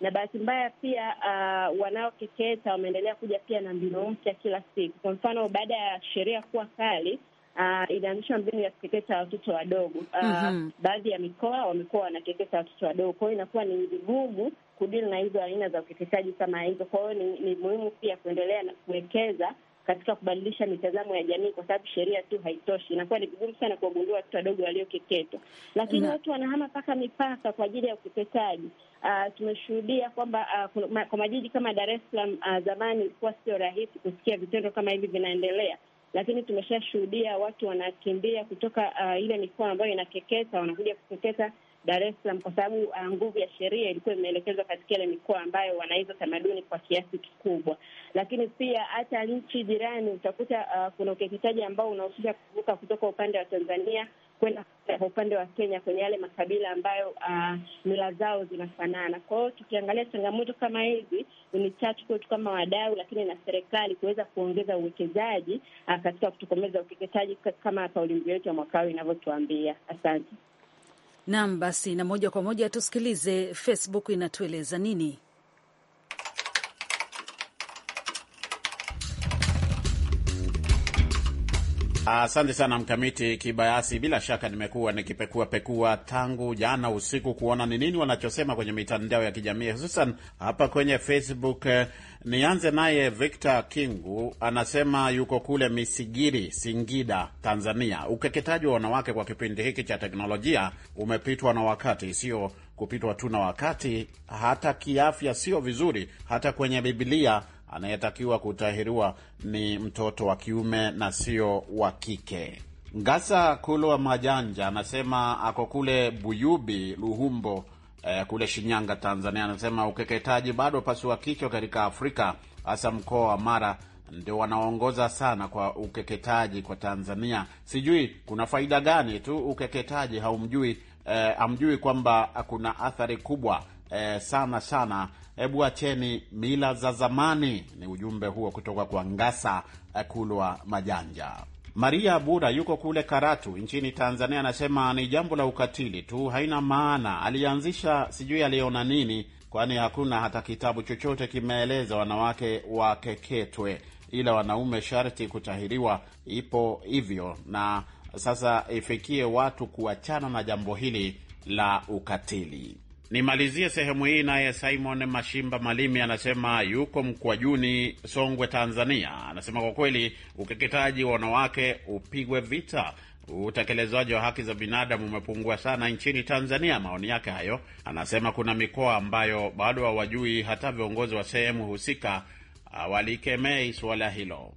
na bahati mbaya pia uh, wanaokeketa wameendelea kuja pia na mbinu mpya kila siku. Kwa mfano, baada ya sheria kuwa kali uh, ah, ilianzishwa mbinu ya kukeketa watoto wadogo uh, mm -hmm. Baadhi ya mikoa wamekuwa wanakeketa watoto wadogo, kwa hiyo inakuwa ni vigumu kudili na hizo aina za ukeketaji kama hizo. Kwa hiyo ni, ni muhimu pia kuendelea na kuwekeza katika kubadilisha mitazamo ya jamii, kwa sababu sheria tu haitoshi. Inakuwa ni vigumu sana kuwagundua watoto wadogo waliokeketwa, lakini watu wanahama mpaka mipaka kwa ajili ya ukeketaji. Uh, ah, tumeshuhudia kwamba uh, kwa majiji kama Dar es Salaam uh, zamani ilikuwa sio rahisi kusikia vitendo kama hivi vinaendelea, lakini tumeshashuhudia watu wanakimbia kutoka uh, ile mikoa ambayo inakeketa, wanakuja kukeketa Dar es Salaam kwa sababu uh, nguvu ya sheria ilikuwa imeelekezwa katika ile mikoa ambayo wanaiza tamaduni kwa kiasi kikubwa. Lakini pia hata nchi jirani utakuta uh, kuna ukeketaji ambao unahusisha kuvuka kutoka upande wa Tanzania kwenda kwa upande wa Kenya kwenye yale makabila ambayo ah, mila zao zinafanana. Kwa hiyo tukiangalia changamoto kama hizi, ni chachu kwetu kama wadau, lakini na serikali kuweza kuongeza uwekezaji uh, katika kutokomeza ukeketaji kama kauli mbiu yetu ya mwaka huu inavyotuambia. Asante. Naam, basi na moja kwa moja tusikilize Facebook inatueleza nini. Asante sana Mkamiti Kibayasi. Bila shaka nimekuwa nikipekua pekua tangu jana usiku kuona ni nini wanachosema kwenye mitandao ya kijamii, hususan hapa kwenye Facebook. Nianze naye Victor Kingu, anasema yuko kule Misigiri, Singida, Tanzania. Ukeketaji wa wanawake kwa kipindi hiki cha teknolojia umepitwa na wakati, sio kupitwa tu na wakati, hata kiafya sio vizuri, hata kwenye Bibilia anayetakiwa kutahiriwa ni mtoto wa kiume na sio wa kike. Ngasa Kulwa Majanja anasema ako kule Buyubi Luhumbo eh, kule Shinyanga, Tanzania. Anasema ukeketaji bado wa kike katika Afrika, hasa mkoa wa Mara ndio wanaongoza sana kwa ukeketaji kwa Tanzania. Sijui kuna faida gani tu ukeketaji haumjui, eh, hamjui kwamba kuna athari kubwa eh, sana sana hebu acheni mila za zamani. Ni ujumbe huo kutoka kwa Ngasa eh, Kulwa Majanja. Maria Bura yuko kule Karatu nchini Tanzania, anasema ni jambo la ukatili tu, haina maana. Alianzisha sijui aliona nini, kwani hakuna hata kitabu chochote kimeeleza wanawake wakeketwe, ila wanaume sharti kutahiriwa. Ipo hivyo na sasa ifikie watu kuachana na jambo hili la ukatili. Nimalizie sehemu hii naye Simon Mashimba Malimi anasema yuko Mkwajuni, Songwe, Tanzania. Anasema kwa kweli ukeketaji wa wanawake upigwe vita. Utekelezaji wa haki za binadamu umepungua sana nchini Tanzania. Maoni yake hayo, anasema kuna mikoa ambayo bado hawajui, hata viongozi wa sehemu husika hawalikemei suala hilo.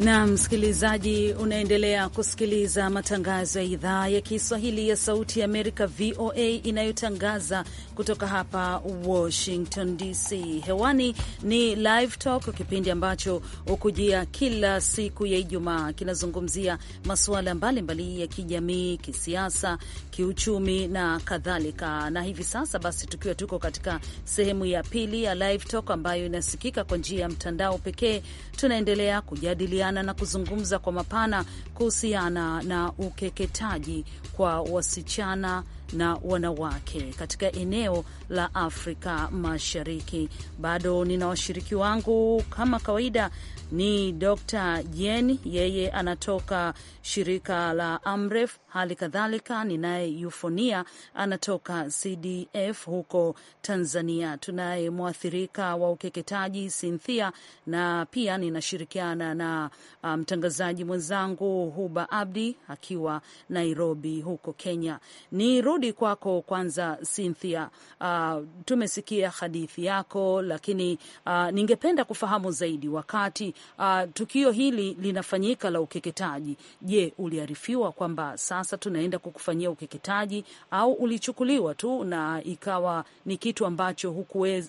na msikilizaji, unaendelea kusikiliza matangazo ya idhaa ya Kiswahili ya Sauti ya Amerika, VOA, inayotangaza kutoka hapa Washington DC. Hewani ni Live Talk, kipindi ambacho hukujia kila siku ya Ijumaa. Kinazungumzia masuala mbalimbali ya kijamii, kisiasa, kiuchumi na kadhalika. Na hivi sasa basi, tukiwa tuko katika sehemu ya pili ya Live Talk ambayo inasikika kwa njia ya mtandao pekee, tunaendelea kujadiliana na kuzungumza kwa mapana kuhusiana na ukeketaji kwa wasichana na wanawake katika eneo la Afrika Mashariki. Bado nina washiriki wangu kama kawaida ni Dr Jen, yeye anatoka shirika la Amref. Hali kadhalika ninaye Yufonia anatoka CDF huko Tanzania. Tunaye mwathirika wa ukeketaji Cynthia, na pia ninashirikiana na uh, mtangazaji um, mwenzangu Huba Abdi akiwa Nairobi huko Kenya. Nirudi kwako kwanza Cynthia. Uh, tumesikia hadithi yako, lakini uh, ningependa kufahamu zaidi wakati uh, tukio hili linafanyika la ukeketaji. Je, uliarifiwa kwamba sasa tunaenda kukufanyia ukeketaji au ulichukuliwa tu na ikawa ni kitu ambacho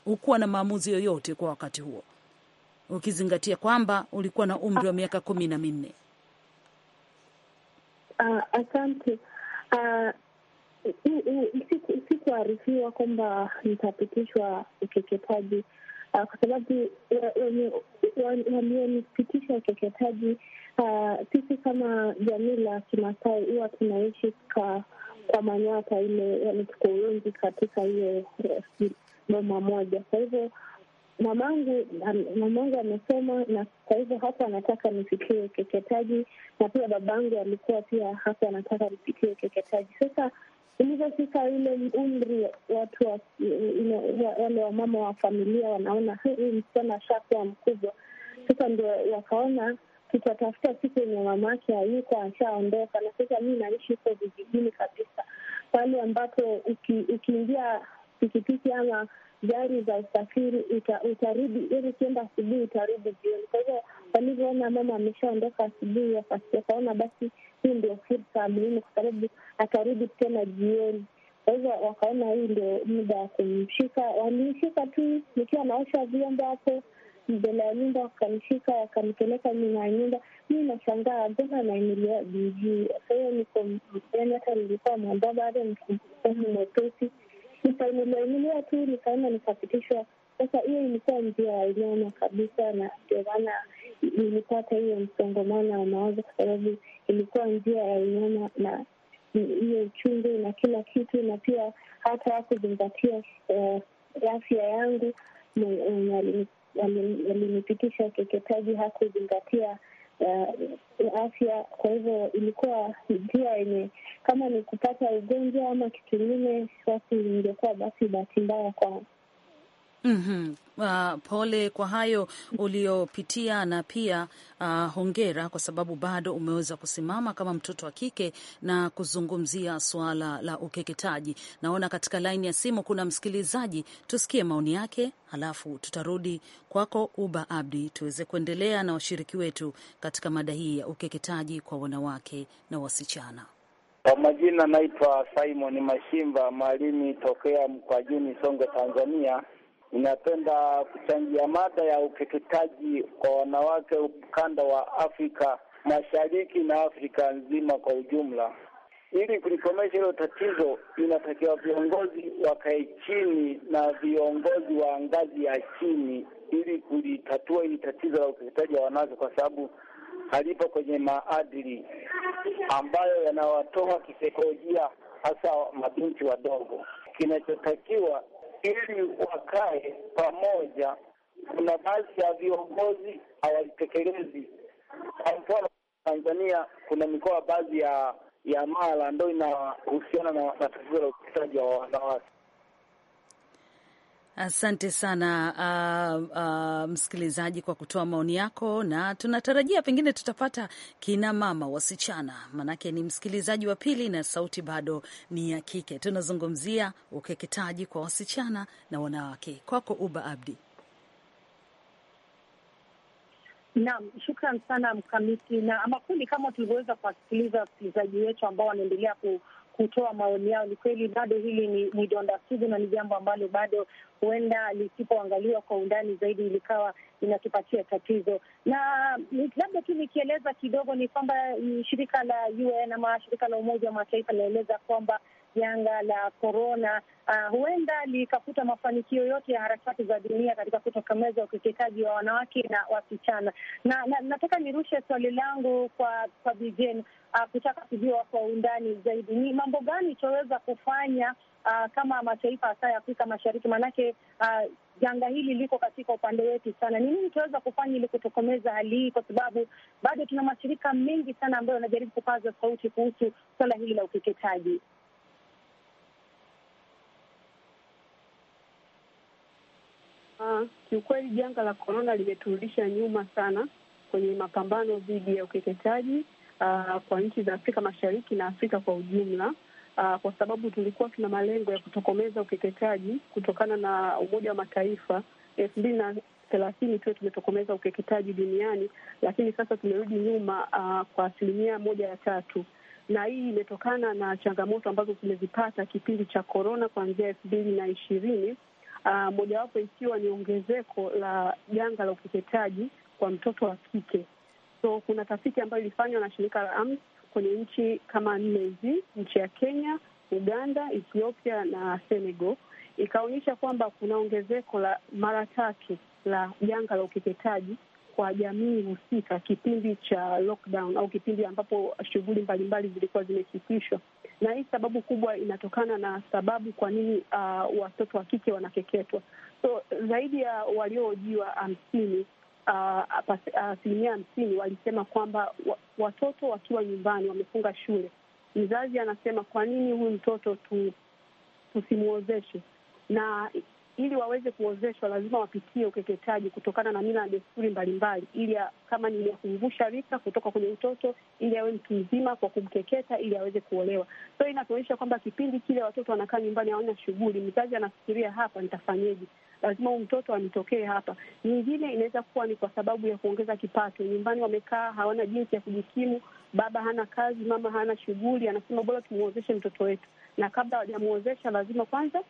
hukuwa na maamuzi yoyote kwa wakati huo ukizingatia kwamba ulikuwa na umri wa miaka kumi na minne? Uh, asante. Uh, sikuarifiwa kwamba nitapitishwa ukeketaji. Ah, kwa sababu walionipitisha ukeketaji. Ah, sisi kama jamii la Kimasai huwa tunaishi kwa manyata ile, yani tuko wengi katika hiyo eh, boma moja. Kwa hivyo mamangu mamangu amesema na kwa hivyo hapa anataka nipitie ukeketaji, na pia babangu alikuwa pia hapa anataka nipitie ukeketaji. Sasa Ilivyofika ile umri, watu wa, wale wamama wa familia wanaona huyu msichana ashakuwa mkubwa sasa, ndio wakaona tutatafuta siku yenye mama yake hayuko ashaondoka, na sasa mii naishi huko vijijini kabisa, pale ambapo ukiingia pikipiki ama gari za usafiri utarudi, ili ukienda asubuhi utarudi jioni. Kwa hivyo walivyoona mama ameshaondoka asubuhi, wakaona basi hii ndio fursa muhimu, kwa sababu atarudi tena jioni. Kwa hivyo wakaona hii ndio muda wa kumshika. Walimshika tu nikiwa naosha vyombo hapo mbele ya nyumba, wakanishika wakanipeleka nyuma ya nyumba. Mi nashangaa mbona nainulia bijii. kwa hiyo niko yani, hata nilikuwa mwamba bado nikumu mwepesi, nikainuliainulia tu nikaenda nikapitishwa. Sasa hiyo ilikuwa njia ya nyama kabisa, na ndio maana nilipata hiyo msongomano wa mawazo, kwa sababu ilikuwa njia ya unyama na hiyo uchungu na kila kitu, na pia hata uh, afya yangu. Alinipitisha ukeketaji, hakuzingatia eh, afya. Kwa hivyo ilikuwa njia yenye, kama ni kupata ugonjwa ama kitu ingine, basi ingekuwa basi bahati mbaya Mm -hmm. Uh, pole kwa hayo uliopitia na pia uh, hongera kwa sababu bado umeweza kusimama kama mtoto wa kike na kuzungumzia suala la ukeketaji. Naona katika laini ya simu kuna msikilizaji, tusikie maoni yake, halafu tutarudi kwako Uba Abdi tuweze kuendelea na washiriki wetu katika mada hii ya ukeketaji kwa wanawake na wasichana. Kwa majina naitwa Simon Mashimba Mwalimu tokea Mkwajini, Songwe, Tanzania inapenda kuchangia mada ya ukeketaji kwa wanawake ukanda wa Afrika Mashariki na Afrika nzima kwa ujumla. Ili kulikomesha hilo tatizo, inatakiwa viongozi wakae chini na viongozi wa ngazi ya chini, ili kulitatua hili tatizo la ukeketaji wa wanawake, kwa sababu halipo kwenye maadili ambayo yanawatoa kisaikolojia, hasa mabinti wadogo. Kinachotakiwa ili wakae pamoja. Kuna baadhi ya viongozi hawaitekelezi. Kwa mfano Tanzania, kuna mikoa baadhi ya ya mara ndio inahusiana na tatizo la ukeketaji wa wanawake. Asante sana uh, uh, msikilizaji kwa kutoa maoni yako, na tunatarajia pengine tutapata kina mama wasichana, manake ni msikilizaji wa pili na sauti bado ni ya kike. Tunazungumzia ukeketaji kwa wasichana na wanawake. Kwako Uba Abdi. Naam, shukran sana Mkamiti, na makundi kama tulivyoweza kuwasikiliza wasikilizaji wetu ambao wanaendelea ku kutoa maoni yao. Ni kweli bado hili ni, ni donda sugu na ni jambo ambalo bado huenda lisipoangaliwa kwa undani zaidi likawa inatupatia tatizo. Na labda tu nikieleza kidogo, ni kwamba mm, shirika la UN ama shirika la Umoja wa Mataifa linaeleza kwamba janga la korona uh, ah, huenda likafuta mafanikio yote ya harakati za dunia katika kutokomeza ukeketaji wa wanawake na wasichana. Na, na nataka nirushe swali langu kwa kwa Bijen uh, ah, kutaka kujua kwa undani zaidi ni mambo gani itaweza kufanya uh, kama mataifa hasa ya Afrika Mashariki, maanake uh, janga hili liko katika upande wetu sana. Ni nini tunaweza kufanya ili kutokomeza hali hii? Kwa sababu bado tuna mashirika mengi sana ambayo yanajaribu kupaza sauti kuhusu swala hili la ukeketaji. kiukweli janga la korona limeturudisha nyuma sana kwenye mapambano dhidi ya ukeketaji ah, kwa nchi za Afrika Mashariki na Afrika kwa ujumla. Ah, kwa sababu tulikuwa tuna malengo ya kutokomeza ukeketaji kutokana na Umoja wa Mataifa elfu mbili na thelathini tuwe tumetokomeza ukeketaji duniani, lakini sasa tumerudi nyuma ah, kwa asilimia moja ya tatu, na hii imetokana na changamoto ambazo tumezipata kipindi cha korona kuanzia elfu mbili na ishirini uh, mojawapo ikiwa ni ongezeko la janga la ukeketaji kwa mtoto wa kike. So kuna tafiti ambayo ilifanywa na shirika la AMS kwenye nchi kama nne hizi, nchi ya Kenya, Uganda, Ethiopia na Senegal, ikaonyesha kwamba kuna ongezeko la mara tatu la janga la ukeketaji kwa jamii husika kipindi cha lockdown au kipindi ambapo shughuli mbalimbali zilikuwa zimesitishwa. Na hii sababu kubwa inatokana na sababu kwa nini uh, watoto wa kike wanakeketwa. So zaidi ya waliohojiwa hamsini, uh, asilimia uh, hamsini walisema kwamba watoto wakiwa nyumbani wamefunga shule, mzazi anasema kwa nini huyu mtoto tu tusimwozeshe? Na ili waweze kuozeshwa lazima wapitie ukeketaji kutokana na mila na desturi mbalimbali, ili kama ni ya kumvusha rika kutoka kwenye utoto ili awe mtu mzima kwa kumkeketa ili aweze kuolewa. So inatuonyesha kwamba kipindi kile watoto wanakaa nyumbani, hawana shughuli, mzazi anafikiria hapa nitafanyeje, lazima huu mtoto anitokee hapa. Nyingine inaweza kuwa ni kwa sababu ya kuongeza kipato. Nyumbani wamekaa hawana jinsi ya kujikimu, baba hana kazi, mama hana shughuli, anasema bora tumwozeshe mtoto wetu, na kabla hawajamuozesha lazima kwanza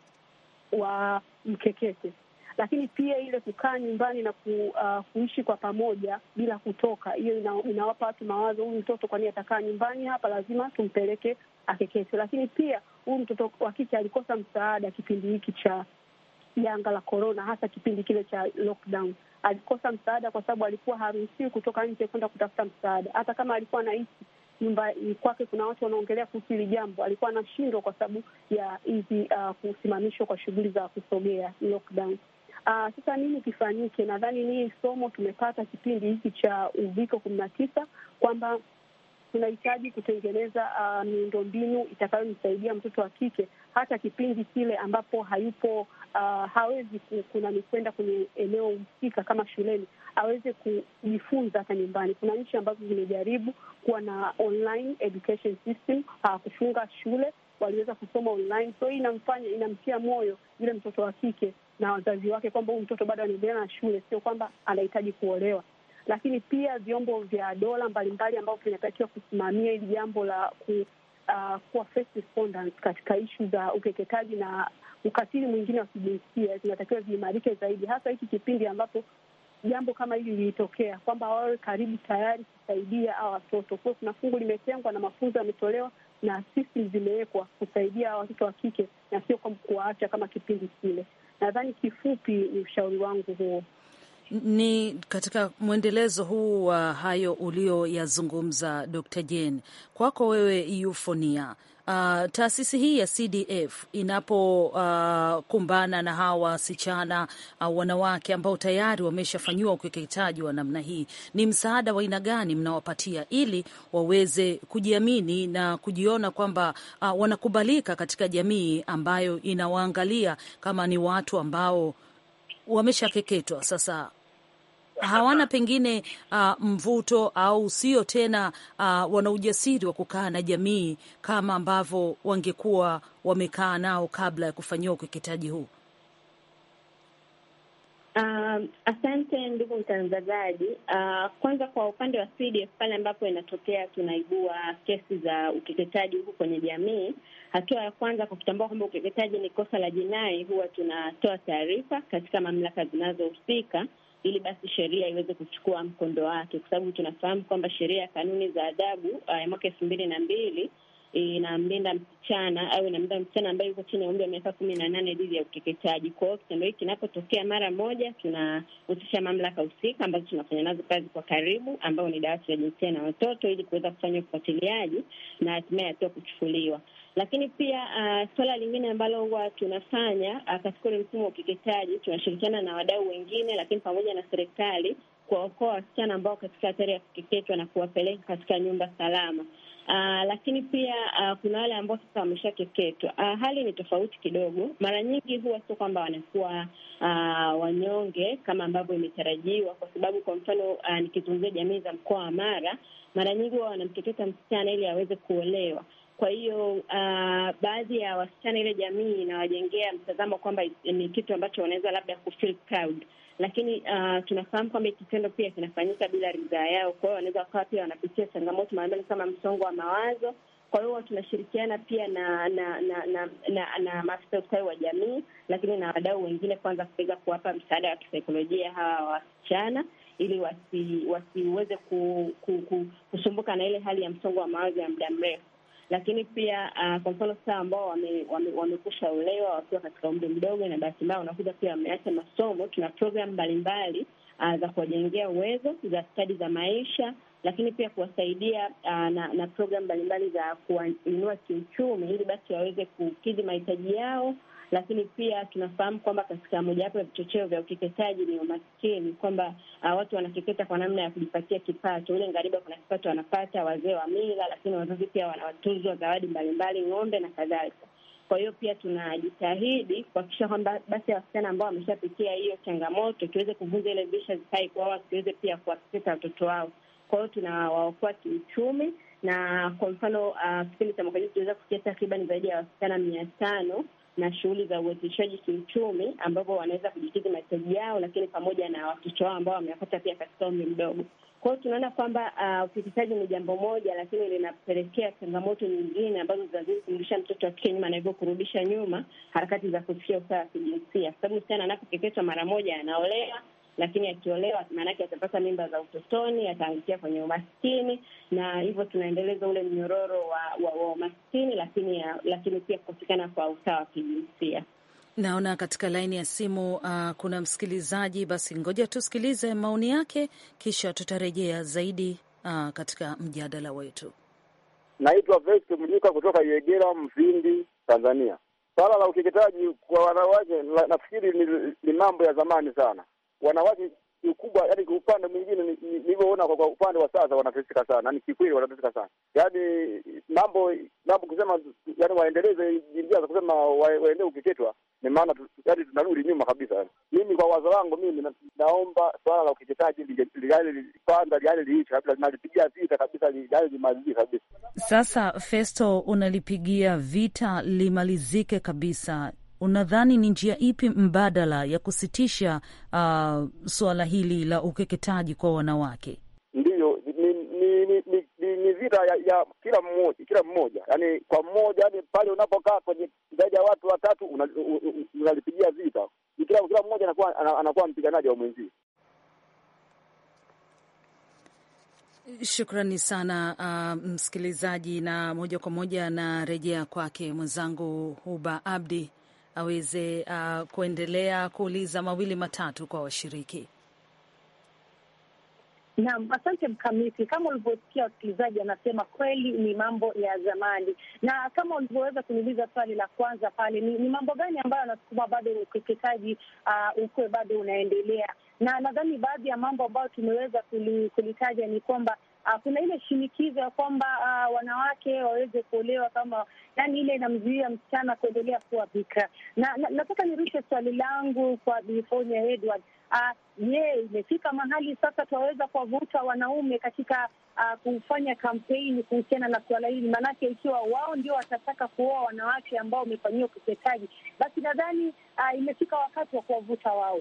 wa mkekete, lakini pia ile kukaa nyumbani na ku, uh, kuishi kwa pamoja bila kutoka, hiyo ina, inawapa watu mawazo, huyu mtoto kwani atakaa nyumbani hapa, lazima tumpeleke akekete. Lakini pia huyu mtoto wa kike alikosa msaada kipindi hiki cha janga la korona, hasa kipindi kile cha lockdown alikosa msaada kwa sababu alikuwa haruhusiwi kutoka nje kwenda kutafuta msaada, hata kama alikuwa anaishi nyumba kwake kuna watu wanaongelea kuhusu hili jambo, alikuwa anashindwa kwa sababu ya hizi uh, kusimamishwa kwa shughuli za kusogea lockdown. Uh, sasa nini kifanyike? Nadhani nii somo tumepata kipindi hiki cha uviko kumi na tisa kwamba tunahitaji kutengeneza uh, miundombinu itakayomsaidia mtoto wa kike hata kipindi kile ambapo hayupo, uh, hawezi kuna kwenda kwenye eneo husika kama shuleni, aweze kujifunza hata nyumbani. Kuna nchi ambazo zimejaribu kuwa na online education system, shule, waliweza kusoma online. So hii inamfanya inamtia moyo yule mtoto wa kike na wazazi wake kwamba huyu mtoto bado anaendelea na shule, sio kwamba anahitaji kuolewa. Lakini pia vyombo vya dola mbalimbali ambavyo vinatakiwa kusimamia hili jambo la ku, uh, kuwa first katika ishu za ukeketaji na ukatili mwingine wa kijinsia zinatakiwa ziimarike zaidi, hasa hiki kipindi ambapo jambo kama hili lilitokea, kwamba wawe karibu tayari kusaidia hawa watoto. Kwa kuna fungu limetengwa na mafunzo yametolewa na system zimewekwa kusaidia hawa watoto wa kike na sio kuwaacha kama kipindi kile. Nadhani kifupi ni ushauri wangu huo. Ni katika mwendelezo huu wa hayo ulioyazungumza Dr. Jane, kwako wewe Eufonia, Uh, taasisi hii ya CDF inapokumbana uh, na hawa wasichana uh, wanawake ambao tayari wameshafanyiwa ukeketaji wa namna hii, ni msaada wa aina gani mnawapatia ili waweze kujiamini na kujiona kwamba uh, wanakubalika katika jamii ambayo inawaangalia kama ni watu ambao wameshakeketwa sasa hawana pengine uh, mvuto au sio tena uh, wana ujasiri wa kukaa na jamii kama ambavyo wangekuwa wamekaa nao kabla ya kufanyiwa ukeketaji huu? Uh, asante ndugu mtangazaji. Uh, kwanza kwa upande wa CDF pale ambapo inatokea tunaibua kesi za ukeketaji huku kwenye jamii, hatua ya kwanza kwa kutambua kwamba ukeketaji ni kosa la jinai, huwa tunatoa taarifa katika mamlaka zinazohusika ili basi sheria iweze kuchukua mkondo wake, kwa sababu tunafahamu kwamba sheria ya kanuni za adabu uh, ya mwaka elfu mbili na mbili inamlinda msichana au inamlinda msichana ambaye yuko chini ya umri wa miaka kumi na nane dhidi ya ukeketaji. Kwa hiyo kitendo hiki kinapotokea, mara moja tunahusisha mamlaka husika ambazo tunafanya nazo kazi kwa karibu, ambao ni dawati la jinsia na watoto, ili kuweza kufanya ufuatiliaji na hatimaye hatua kuchukuliwa. Lakini pia uh, suala lingine ambalo huwa tunafanya uh, katika ule mfumo wa ukeketaji tunashirikiana na wadau wengine, lakini pamoja na serikali kuwaokoa wasichana ambao katika hatari ya kukeketwa na kuwapeleka katika nyumba salama. Uh, lakini pia uh, kuna wale ambao sasa wameshakeketwa. Uh, hali ni tofauti kidogo. Mara nyingi huwa sio kwamba wanakuwa uh, wanyonge kama ambavyo imetarajiwa, kwa sababu kwa mfano uh, nikizungumzia jamii za mkoa wa Mara, mara nyingi huwa wanamkeketa msichana ili aweze kuolewa kwa hiyo uh, baadhi ya wasichana, ile jamii inawajengea mtazamo kwamba ni kitu ambacho wanaweza labda kufeel proud, lakini uh, tunafahamu kwamba kitendo pia kinafanyika bila ridhaa yao. Kwa hiyo wanaweza wakawa pia wanapitia changamoto mbalimbali kama msongo wa mawazo. Kwa hiyo tunashirikiana pia na na na na, na, na maafisa ustawi wa jamii, lakini na wadau wengine, kwanza kuweza kuwapa msaada wa kisaikolojia hawa wasichana ili wasiweze wasi ku, ku, ku, kusumbuka na ile hali ya msongo wa mawazo ya muda mrefu lakini pia uh, kwa mfano sasa ambao wamekusha wame, wame ulewa wakiwa katika umri mdogo, na bahati mbaya wanakuja pia wameacha masomo, tuna programu mbalimbali uh, za kuwajengea uwezo za stadi za maisha lakini pia kuwasaidia uh, na, na programu mbalimbali za kuwainua kiuchumi ili basi waweze kukidhi mahitaji yao lakini pia tunafahamu kwamba katika mojawapo ya vichocheo vya ukeketaji ni umaskini, kwamba uh, watu wanakeketa kwa namna ya kujipatia kipato. Ule ngariba kuna kipato wanapata wazee wa mila, lakini wazazi pia wanawatuzwa zawadi mbalimbali, ng'ombe na kadhalika. Kwa hiyo pia tunajitahidi kuhakikisha kwamba basi wasichana ambao wameshapitia hiyo changamoto tuweze kuvunja ile visha zikai kwao, wasiweze pia kuwakeketa watoto wao. Kwa hiyo tunawaokoa kiuchumi, na kwa mfano uh, kipindi cha mwaka juzi tuliweza kufikia takriban zaidi ya wasichana mia tano na shughuli za uwezeshaji kiuchumi, ambapo wanaweza kujikizi mahitaji yao, lakini pamoja na watoto wao ambao wamewapata pia katika umri mdogo. Kwa hiyo tunaona kwamba uh, ufikisaji ni jambo moja, lakini linapelekea changamoto nyingine ambazo zinazidi kumrudisha mtoto afike nyuma na hivyo kurudisha nyuma harakati za kufikia usawa wa kijinsia, kwa sababu msichana anapokeketwa mara moja anaolewa lakini akiolewa, maanake atapata mimba za utotoni, ataangukia kwenye umaskini, na hivyo tunaendeleza ule mnyororo wa, wa, wa umaskini, lakini ya, uh, lakini pia kukosekana kwa usawa wa kijinsia. Naona katika laini ya simu uh, kuna msikilizaji. Basi ngoja tusikilize maoni yake, kisha tutarejea zaidi uh, katika mjadala wetu. Naitwa Vest Mjika kutoka Yegera, Mfindi, Tanzania. Swala la ukeketaji kwa wanawake nafikiri ni, ni mambo ya zamani sana wanawake kikubwa, yani upande mwingine nilivyoona, kwa upande wa sasa wanateseka sana, ni kikweli, wanateseka sana yani mambo mambo kusema, yani waendeleze jinsia za kusema waendee ukeketwa ni maana yani tunarudi nyuma kabisa. Mimi kwa wazo wangu mimi na, naomba swala la ukeketaji kwanza liale liisha kabisa, linalipigia vita kabisa, liale limalizike kabisa. Sasa Festo, unalipigia vita limalizike kabisa unadhani ni njia ipi mbadala ya kusitisha uh, suala hili la ukeketaji kwa wanawake? Ndiyo, ni ni, ni, ni, ni, ni vita ya, ya kila mmoja kila mmoja, yani kwa mmoja, yani pale unapokaa kwenye zaidi ya watu watatu unalipigia vita, kila kila mmoja anakuwa anakuwa mpiganaji wa mwenzie. Shukrani sana uh, msikilizaji, na moja kwa moja narejea kwake mwenzangu Huba Abdi aweze uh, kuendelea kuuliza mawili matatu kwa washiriki. Naam, asante Mkamiti. Kama ulivyosikia wasikilizaji, anasema kweli ni mambo ya zamani, na kama ulivyoweza kuniuliza swali la kwanza pale, ni, ni mambo gani ambayo anasukuma bado ukeketaji uh, ukuwe bado unaendelea, na nadhani baadhi ya mambo ambayo tumeweza kulitaja ni kwamba uh, kuna ile shinikizo ya kwamba uh, wanawake waweze kuolewa kama yani, ile inamzuia msichana kuendelea kuwa bikra. Na, na, nataka nirushe swali langu kwa Bifonya Edward. Ah, je, uh, imefika mahali sasa tuwaweza kuwavuta wanaume katika uh, kufanya kampeni kuhusiana na suala hili? Maanake ikiwa wao ndio watataka kuoa wanawake ambao wamefanyiwa ukeketaji, basi nadhani uh, imefika wakati wa kuwavuta wao.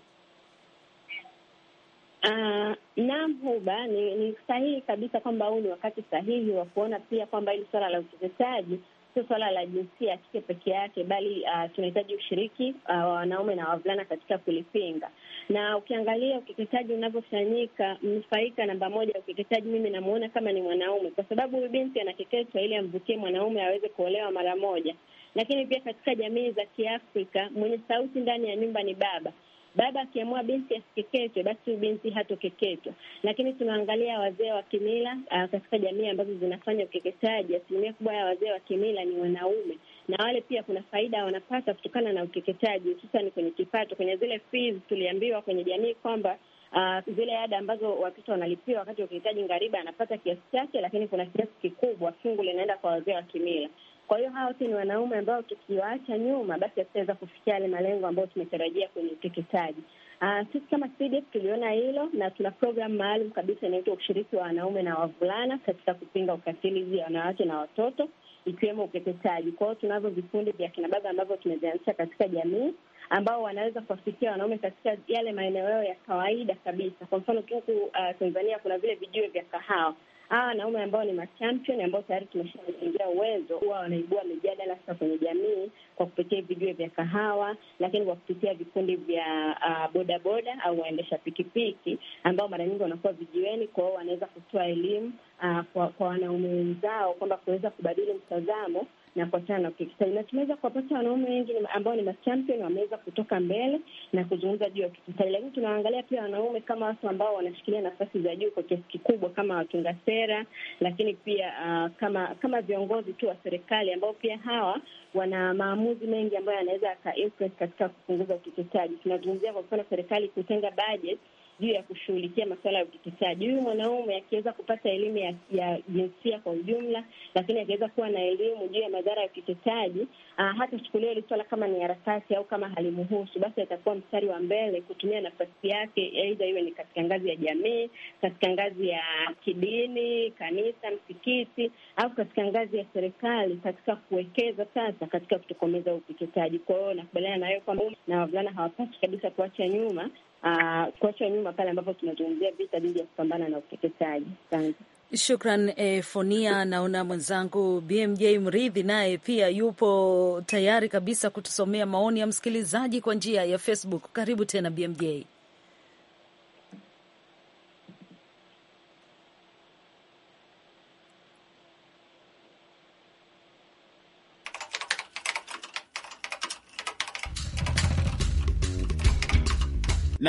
Uh, naam Huba, ni, ni sahihi kabisa kwamba huu ni wakati sahihi wa kuona pia kwamba hili suala la ukeketaji sio suala la jinsia ya kike peke yake, bali uh, tunahitaji ushiriki uh, wa wanaume na wavulana katika kulipinga. Na ukiangalia ukeketaji unavyofanyika, mnufaika namba moja ukeketaji, mimi namwona kama ni mwanaume, kwa sababu huyu binti anakeketwa ili amvutie mwanaume aweze kuolewa mara moja. Lakini pia katika jamii za Kiafrika mwenye sauti ndani ya nyumba ni baba Baba akiamua binti asikeketwe, basi huyu binti hatokeketwa. Lakini tunaangalia wazee wa kimila ah, katika jamii ambazo zinafanya ukeketaji, asilimia kubwa ya wazee wa kimila ni wanaume, na wale pia kuna faida wanapata kutokana na ukeketaji, hususan kwenye kipato, kwenye zile fees. Tuliambiwa kwenye jamii kwamba Uh, zile ada ambazo watoto wanalipiwa wakati wa ukeketaji, ngariba anapata kiasi chake, lakini kuna kiasi kikubwa fungu linaenda kwa wazee wa kimila. Kwa hiyo hawa wote ni wanaume ambao tukiwaacha nyuma, basi hatutaweza kufikia yale malengo ambayo tumetarajia kwenye ukeketaji. Uh, ah, sisi kama CDF tuliona hilo na tuna programu maalum kabisa inaitwa ushiriki wa wanaume na wavulana katika kupinga ukatili dhidi ya wanawake na watoto ikiwemo ukeketaji. Kwa hiyo tunavyo vikundi vya kinababa ambavyo tumevianzisha katika jamii ambao wanaweza kuwafikia wanaume katika yale maeneo yao ya kawaida kabisa. Kwa mfano, huku uh, Tanzania kuna vile vijue vya kahawa hawa ah, wanaume ambao ni machampion ambao tayari tumeshaingia uwezo, huwa wanaibua mijadala sasa kwenye jamii kwa kupitia vijue vya kahawa, lakini kwa kupitia vikundi vya uh, bodaboda au waendesha pikipiki ambao mara nyingi wanakuwa vijiweni. Kwa hiyo wanaweza kutoa elimu uh, kwa, kwa wanaume wenzao kwamba kuweza kubadili mtazamo na kuachana na ukeketaji, na tumeweza kuwapata wanaume wengi ambao ni machampion, wameweza kutoka mbele na kuzungumza juu ya ukeketaji. Lakini tunaangalia pia wanaume kama watu ambao wanashikilia nafasi za juu kwa kiasi kikubwa, kama watunga sera, lakini pia uh, kama kama viongozi tu wa serikali ambao pia hawa wana maamuzi mengi ambayo yanaweza yaka influence katika kupunguza ukeketaji. Tunazungumzia kwa mfano serikali kutenga budget juu ya kushughulikia masuala ya ukeketaji. Huyu mwanaume akiweza kupata elimu ya, ya jinsia kwa ujumla, lakini akiweza kuwa na elimu juu ya madhara ya ukeketaji, ah, hata chukulia hili swala kama ni harakati au kama halimuhusu, basi atakuwa mstari wa mbele kutumia nafasi yake, aidha iwe ni katika ngazi ya jamii, katika ngazi ya kidini, kanisa, msikiti, au katika ngazi ya serikali, katika kuwekeza sasa katika kutokomeza ukeketaji. Kwa hiyo nakubaliana nayo kwamba na wavulana hawapasi kabisa kuacha nyuma uh, nyuma pale ambapo tunazungumzia vita dhidi ya kupambana na ukeketaji. Asante. Shukran eh, Fonia. Naona mwenzangu BMJ Mridhi naye pia yupo tayari kabisa kutusomea maoni ya msikilizaji kwa njia ya Facebook. Karibu tena BMJ.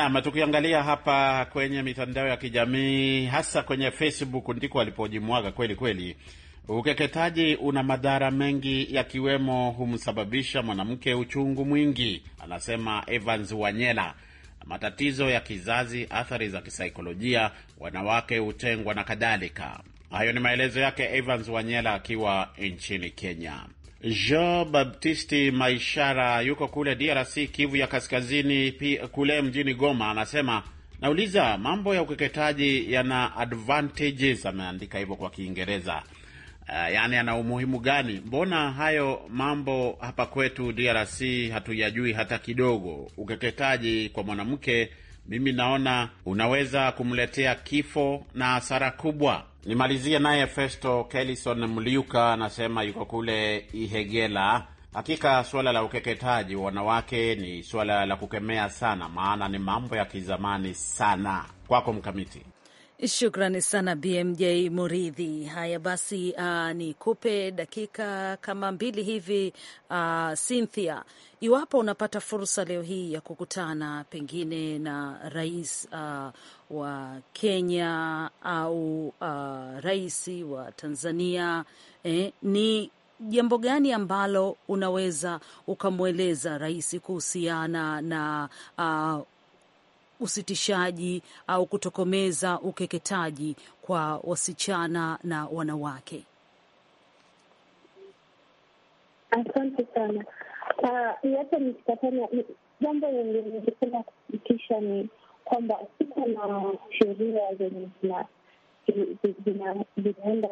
Naam, tukiangalia hapa kwenye mitandao ya kijamii hasa kwenye Facebook ndiko walipojimwaga kweli kweli. Ukeketaji una madhara mengi yakiwemo humsababisha mwanamke uchungu mwingi, anasema Evans Wanyela, matatizo ya kizazi, athari za kisaikolojia, wanawake hutengwa na kadhalika. Hayo ni maelezo yake Evans Wanyela akiwa nchini Kenya. Jean Baptisti Maishara yuko kule DRC, Kivu ya Kaskazini, kule mjini Goma, anasema nauliza, mambo ya ukeketaji yana advantages, ameandika hivyo kwa Kiingereza. Uh, yaani yana umuhimu gani? Mbona hayo mambo hapa kwetu DRC hatuyajui hata kidogo? Ukeketaji kwa mwanamke, mimi naona unaweza kumletea kifo na hasara kubwa. Nimalizie naye Festo Kelison Mliuka anasema yuko kule Ihegela. Hakika suala la ukeketaji wa wanawake ni suala la kukemea sana, maana ni mambo ya kizamani sana. Kwako Mkamiti. Shukrani sana BMJ Muridhi. Haya basi, uh, ah, kupe dakika kama mbili hivi uh, Cynthia, iwapo unapata fursa leo hii ya kukutana pengine na rais uh, wa Kenya au uh, rais wa Tanzania eh, ni jambo gani ambalo unaweza ukamweleza rais kuhusiana na uh, usitishaji au kutokomeza ukeketaji kwa wasichana na wanawake? Asante sana. Ah, iwapo nikitatana jambo lenye ningependa ni kwamba siko na sheria zenye zinaenda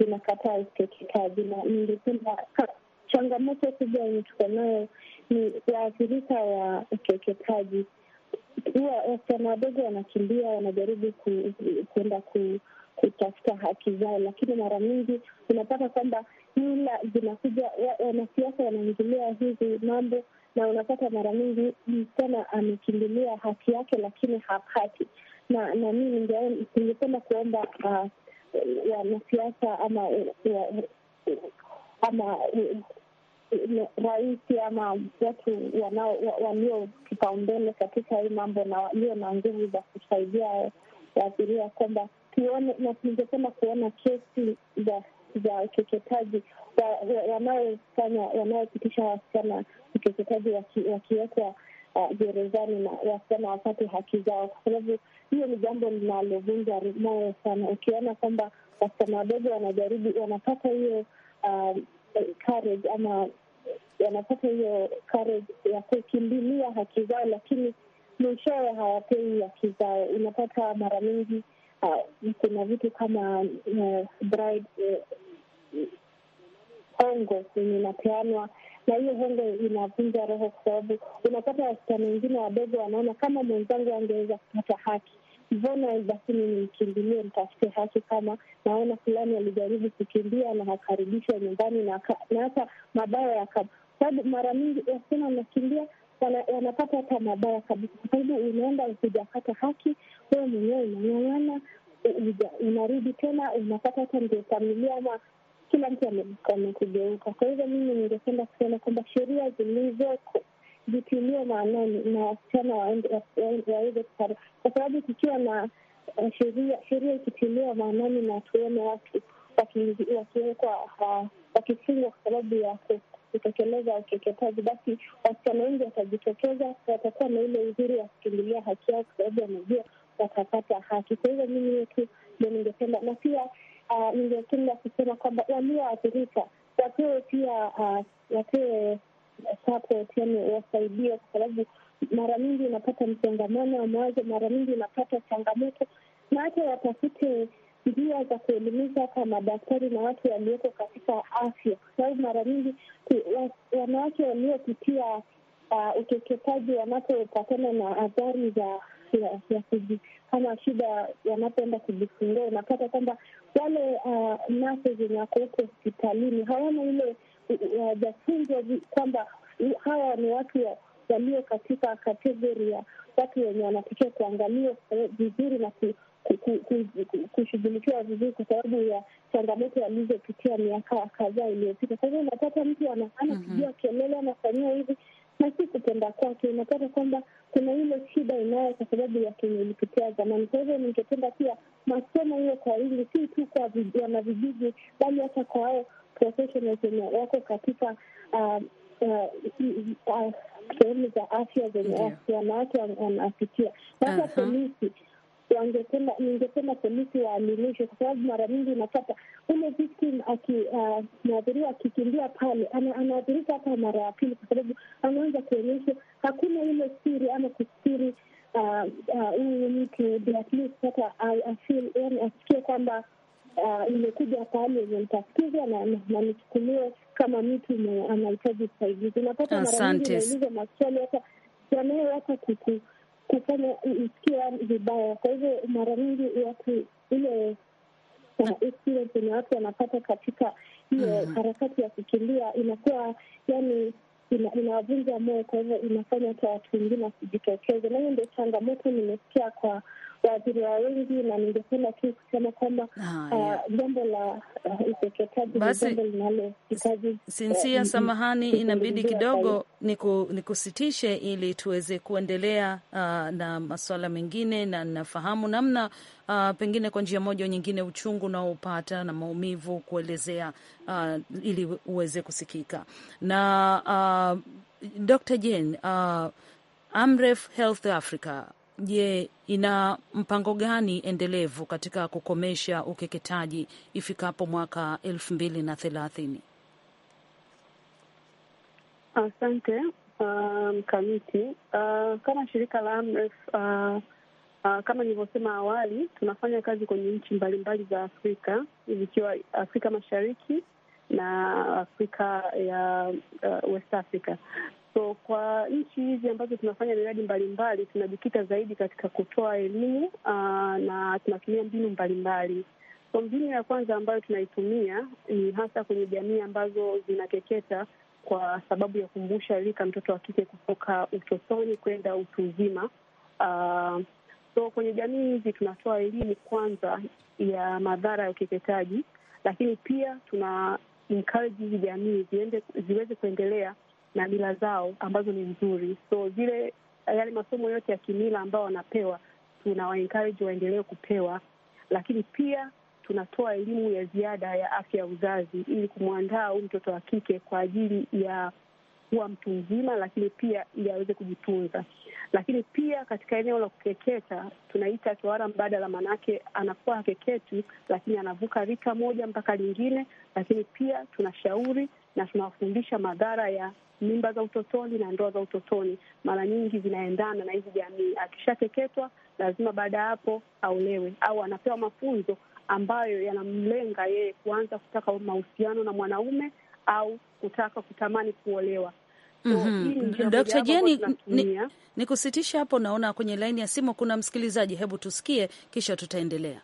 zinakataa ukeketaji, na ningependa changamoto kubwa yenye tuko nayo ni waathirika wa ukeketaji huwa wasichana wadogo wanakimbia, wanajaribu kuenda ku, ku, kutafuta haki zao, lakini mara nyingi unapata kwamba hila zinakuja, wanasiasa wanaingilia hizi mambo, na unapata mara nyingi msichana amekimbilia haki yake, lakini hapati. Na na mi ningependa kuomba uh, wanasiasa ama ama uh, rais ama watu walio kipaumbele katika hii mambo na walio na nguvu za kusaidia waathiriwa, kwamba tuone na tungependa kuona kesi za za ukeketaji wanaofanya wanaopitisha wasichana ukeketaji wakiwekwa uh, gerezani na wasichana wapate haki zao, kwa sababu hiyo ni jambo linalovunja moyo sana. Ukiona kwamba wasichana wadogo wanajaribu wanapata hiyo um, courage ama yanapata hiyo courage ya kukimbilia haki zao, lakini mwishowe hawapei haki zao. Unapata mara mingi uh, kuna vitu kama uh, bride, uh, hongo yenye inapeanwa na hiyo hongo inavunja roho, kwa sababu unapata wasichana wengine wadogo wanaona kama mwenzangu angeweza kupata haki, mbona basi mimi nikimbilie nitafute haki? Kama naona fulani alijaribu kukimbia na akarudishwa nyumbani na hata mabaya sababu mara mingi wasichana eh, wanakimbia, wanapata hata mabaya kabisa, kwa sababu unaenda hujakata haki, wewe mwenyewe unang'ang'ana, unarudi tena unapata hata ndio familia ama kila mtu amekugeuka. Kwa hivyo mimi ningependa kusema kwamba sheria zilizoko zitiliwe maanani na wasichana waweze kupata, kwa sababu tukiwa na eh, sheria sheria ikitiliwa maanani na tuone watu wakiwekwa wakifungwa kwa sababu ya kutekeleza ukeketaji, basi wasichana wengi watajitokeza, watakuwa na ile uzuri wa kukimbilia haki yao, kwa sababu wanajua watapata haki. Kwa hivyo mimi hiyo tu ndio ningependa, na pia ah, ningependa kusema kwamba walioathirika wapewe pia ah, wapewe support, yani wasaidie, kwa sababu mara nyingi unapata msongamano wa mawazo, mara nyingi unapata changamoto, na hata watafute njia za kuelimisha hata madaktari na watu walioko katika afya, kwa sababu mara nyingi wanawake waliopitia uh, ukeketaji wanapopatana na adhari za kama shida wanapoenda kujifungua, unapata kwamba wale uh, nasi zinako huko hospitalini hawana ile wajafunzwa kwamba hawa ni watu walio katika kategori ya watu wenye wanatakiwa kuangaliwa eh, vizuri na kushughulikiwa vizuri kwa sababu ya changamoto alizopitia miaka kadhaa iliyopita. Kwa hivyo unapata mtu anaana mhm. kijua kelele, anafanyia hivi na si kupenda kwake. Unapata kwamba kuna ile shida inayo kwa sababu ya kenye ilipitia zamani. Kwa hivyo ningependa pia masomo hiyo kwa wingi, si tu kwa wanavijiji, bali hata kwa hao professionals wenye wako katika ah, ah, ah, sehemu za afya zenye wanawake wanapitia, hata polisi wangependa ningependa polisi waaminishwe, kwa sababu mara nyingi unapata ule victim uh, mwathiriwa uh, akikimbia pale anaathirika hata mara ya pili, kwa sababu anaanza kuonyesha hakuna ile siri ama kusiri uh, uh, huyu mtu hata asikie kwamba imekuja pahali yenye mtasikiza na nichukuliwe kama mtu anahitaji usaidizi. Unapata mara nyingi maswali hata yanayo hata kukuu kufanya usikia yaani vibaya. Kwa hivyo mara nyingi watu ile experience yenye watu wanapata katika hiyo hmm. harakati ya kukimbia inakuwa yani inawavunja moyo, kwa hivyo inafanya hata watu wengine wasijitokeze, na hiyo ndio changamoto nimesikia kwa waathiriwa wengi, na ningesema tu kusema kwamba ah, ah, jambo la ah, useketaji sinsia. Eh, samahani, inabidi kidogo nikusitishe ili tuweze kuendelea na masuala mengine, na nafahamu namna Uh, pengine kwa njia moja nyingine uchungu unaopata na maumivu kuelezea, uh, ili uweze kusikika na uh, Dr. Jane, uh, Amref Health Africa je, ina mpango gani endelevu katika kukomesha ukeketaji ifikapo mwaka elfu mbili na thelathini? Asante uh, mkamiti. Um, uh, kama shirika la AMREF uh, uh, kama nilivyosema awali, tunafanya kazi kwenye nchi mbalimbali za Afrika zikiwa Afrika Mashariki na Afrika ya uh, West Africa. So kwa nchi hizi ambazo tunafanya miradi mbalimbali, tunajikita zaidi katika kutoa elimu ah, na tunatumia mbinu mbalimbali. So mbinu ya kwanza ambayo tunaitumia ni hasa kwenye jamii ambazo zinakeketa kwa sababu ya kumbusha rika mtoto wa kike kutoka utotoni kwenda utu uzima. Uh, so kwenye jamii hizi tunatoa elimu kwanza ya madhara ya ukeketaji, lakini pia tuna encourage hizi jamii ziende, ziweze kuendelea na mila zao ambazo ni nzuri. So zile yale masomo yote ya kimila ambao wanapewa tuna encourage waendelee kupewa, lakini pia tunatoa elimu ya ziada ya afya ya uzazi ili kumwandaa huyu mtoto wa kike kwa ajili ya kuwa mtu mzima, lakini pia ili aweze kujitunza. Lakini pia katika eneo la kukeketa tunaita tohara mbadala, manake anakuwa hakeketi, lakini anavuka rika moja mpaka lingine, lakini pia tunashauri na tunawafundisha madhara ya mimba za utotoni na ndoa za utotoni. Mara nyingi zinaendana na hizi jamii. Akishakeketwa lazima baada ya hapo aolewe au anapewa mafunzo ambayo yanamlenga yeye kuanza kutaka mahusiano na mwanaume au kutaka kutamani kuolewa. Mm -hmm. Dkt. Jeni, nikusitisha ni hapo, naona kwenye laini ya simu kuna msikilizaji, hebu tusikie kisha tutaendelea.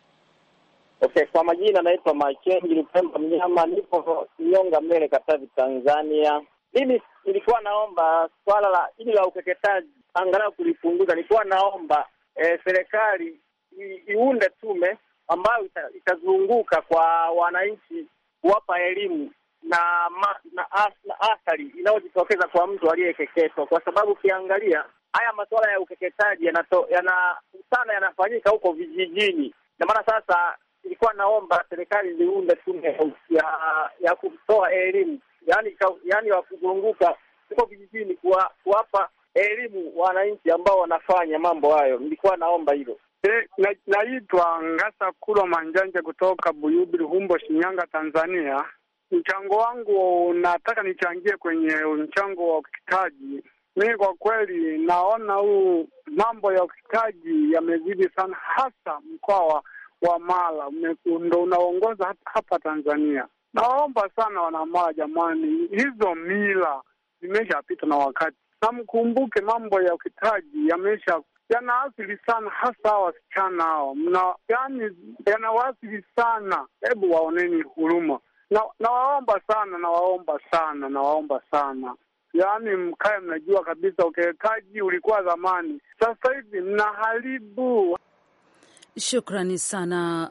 Okay, kwa majina naitwa Machenji Lupemba Mnyama, nipo Nyonga Mbele, Katavi, Tanzania. Mimi nilikuwa naomba swala la hili la ukeketaji angalau kulipunguza. Nilikuwa naomba e, serikali iunde tume ambayo ita, itazunguka kwa wananchi kuwapa elimu na, na, na athari inayojitokeza kwa mtu aliyekeketwa, kwa sababu ukiangalia haya masuala ya ukeketaji yana sana yanafanyika huko vijijini, na maana sasa ilikuwa naomba serikali ziunde tume ya, ya kutoa elimu yani, yani wakuzunguka huko vijijini kuwa, kuwapa elimu wananchi ambao wanafanya mambo hayo. Nilikuwa naomba hilo. E, na, naitwa Ngasa Kulo Manjanja kutoka Buyubili Humbo, Shinyanga, Tanzania. Mchango wangu nataka nichangie kwenye mchango wa ukeketaji. Mimi kwa kweli naona huu mambo ya ukitaji yamezidi sana, hasa mkoa wa wa mala ndo unaongoza hapa Tanzania. Naomba sana wanamala jamani, hizo mila zimeshapita na wakati, na mkumbuke mambo ya ukitaji yamesha yanaathiri sana hasa wasichana hao na yani yanawaathiri sana. Hebu waoneni huruma, na nawaomba sana, nawaomba sana, nawaomba sana yaani mkae, mnajua kabisa ukekaji ulikuwa zamani, sasa hivi mnaharibu Shukrani sana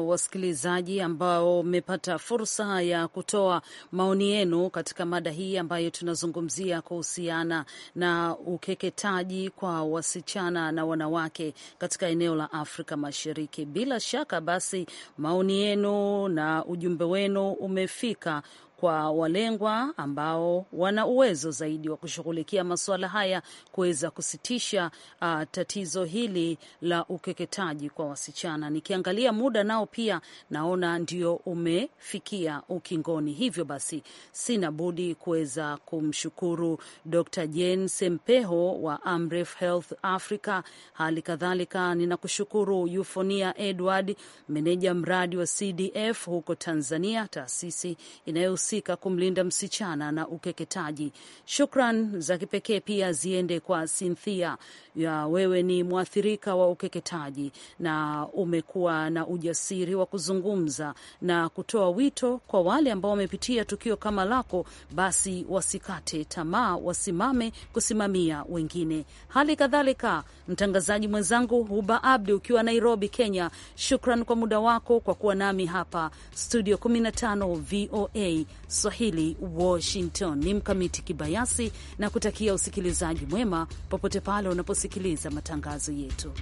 uh, wasikilizaji ambao mmepata fursa ya kutoa maoni yenu katika mada hii ambayo tunazungumzia kuhusiana na ukeketaji kwa wasichana na wanawake katika eneo la Afrika Mashariki. Bila shaka basi, maoni yenu na ujumbe wenu umefika kwa walengwa ambao wana uwezo zaidi wa kushughulikia masuala haya kuweza kusitisha uh, tatizo hili la ukeketaji kwa wasichana. Nikiangalia muda nao pia naona ndio umefikia ukingoni, hivyo basi sina budi kuweza kumshukuru Dr. Jane Sempeho wa Amref Health Africa. Hali kadhalika ninakushukuru Yufonia Edward, meneja mradi wa CDF huko Tanzania, taasisi inayo waliohusika kumlinda msichana na ukeketaji. Shukran za kipekee pia ziende kwa Cynthia ya wewe ni mwathirika wa ukeketaji na umekuwa na ujasiri wa kuzungumza na kutoa wito kwa wale ambao wamepitia tukio kama lako, basi wasikate tamaa, wasimame kusimamia wengine. Hali kadhalika mtangazaji mwenzangu Huba Abdi ukiwa Nairobi, Kenya, shukran kwa muda wako kwa kuwa nami hapa studio 15 VOA Swahili, Washington. Ni Mkamiti Kibayasi na kutakia usikilizaji mwema popote pale unaposikiliza matangazo yetu.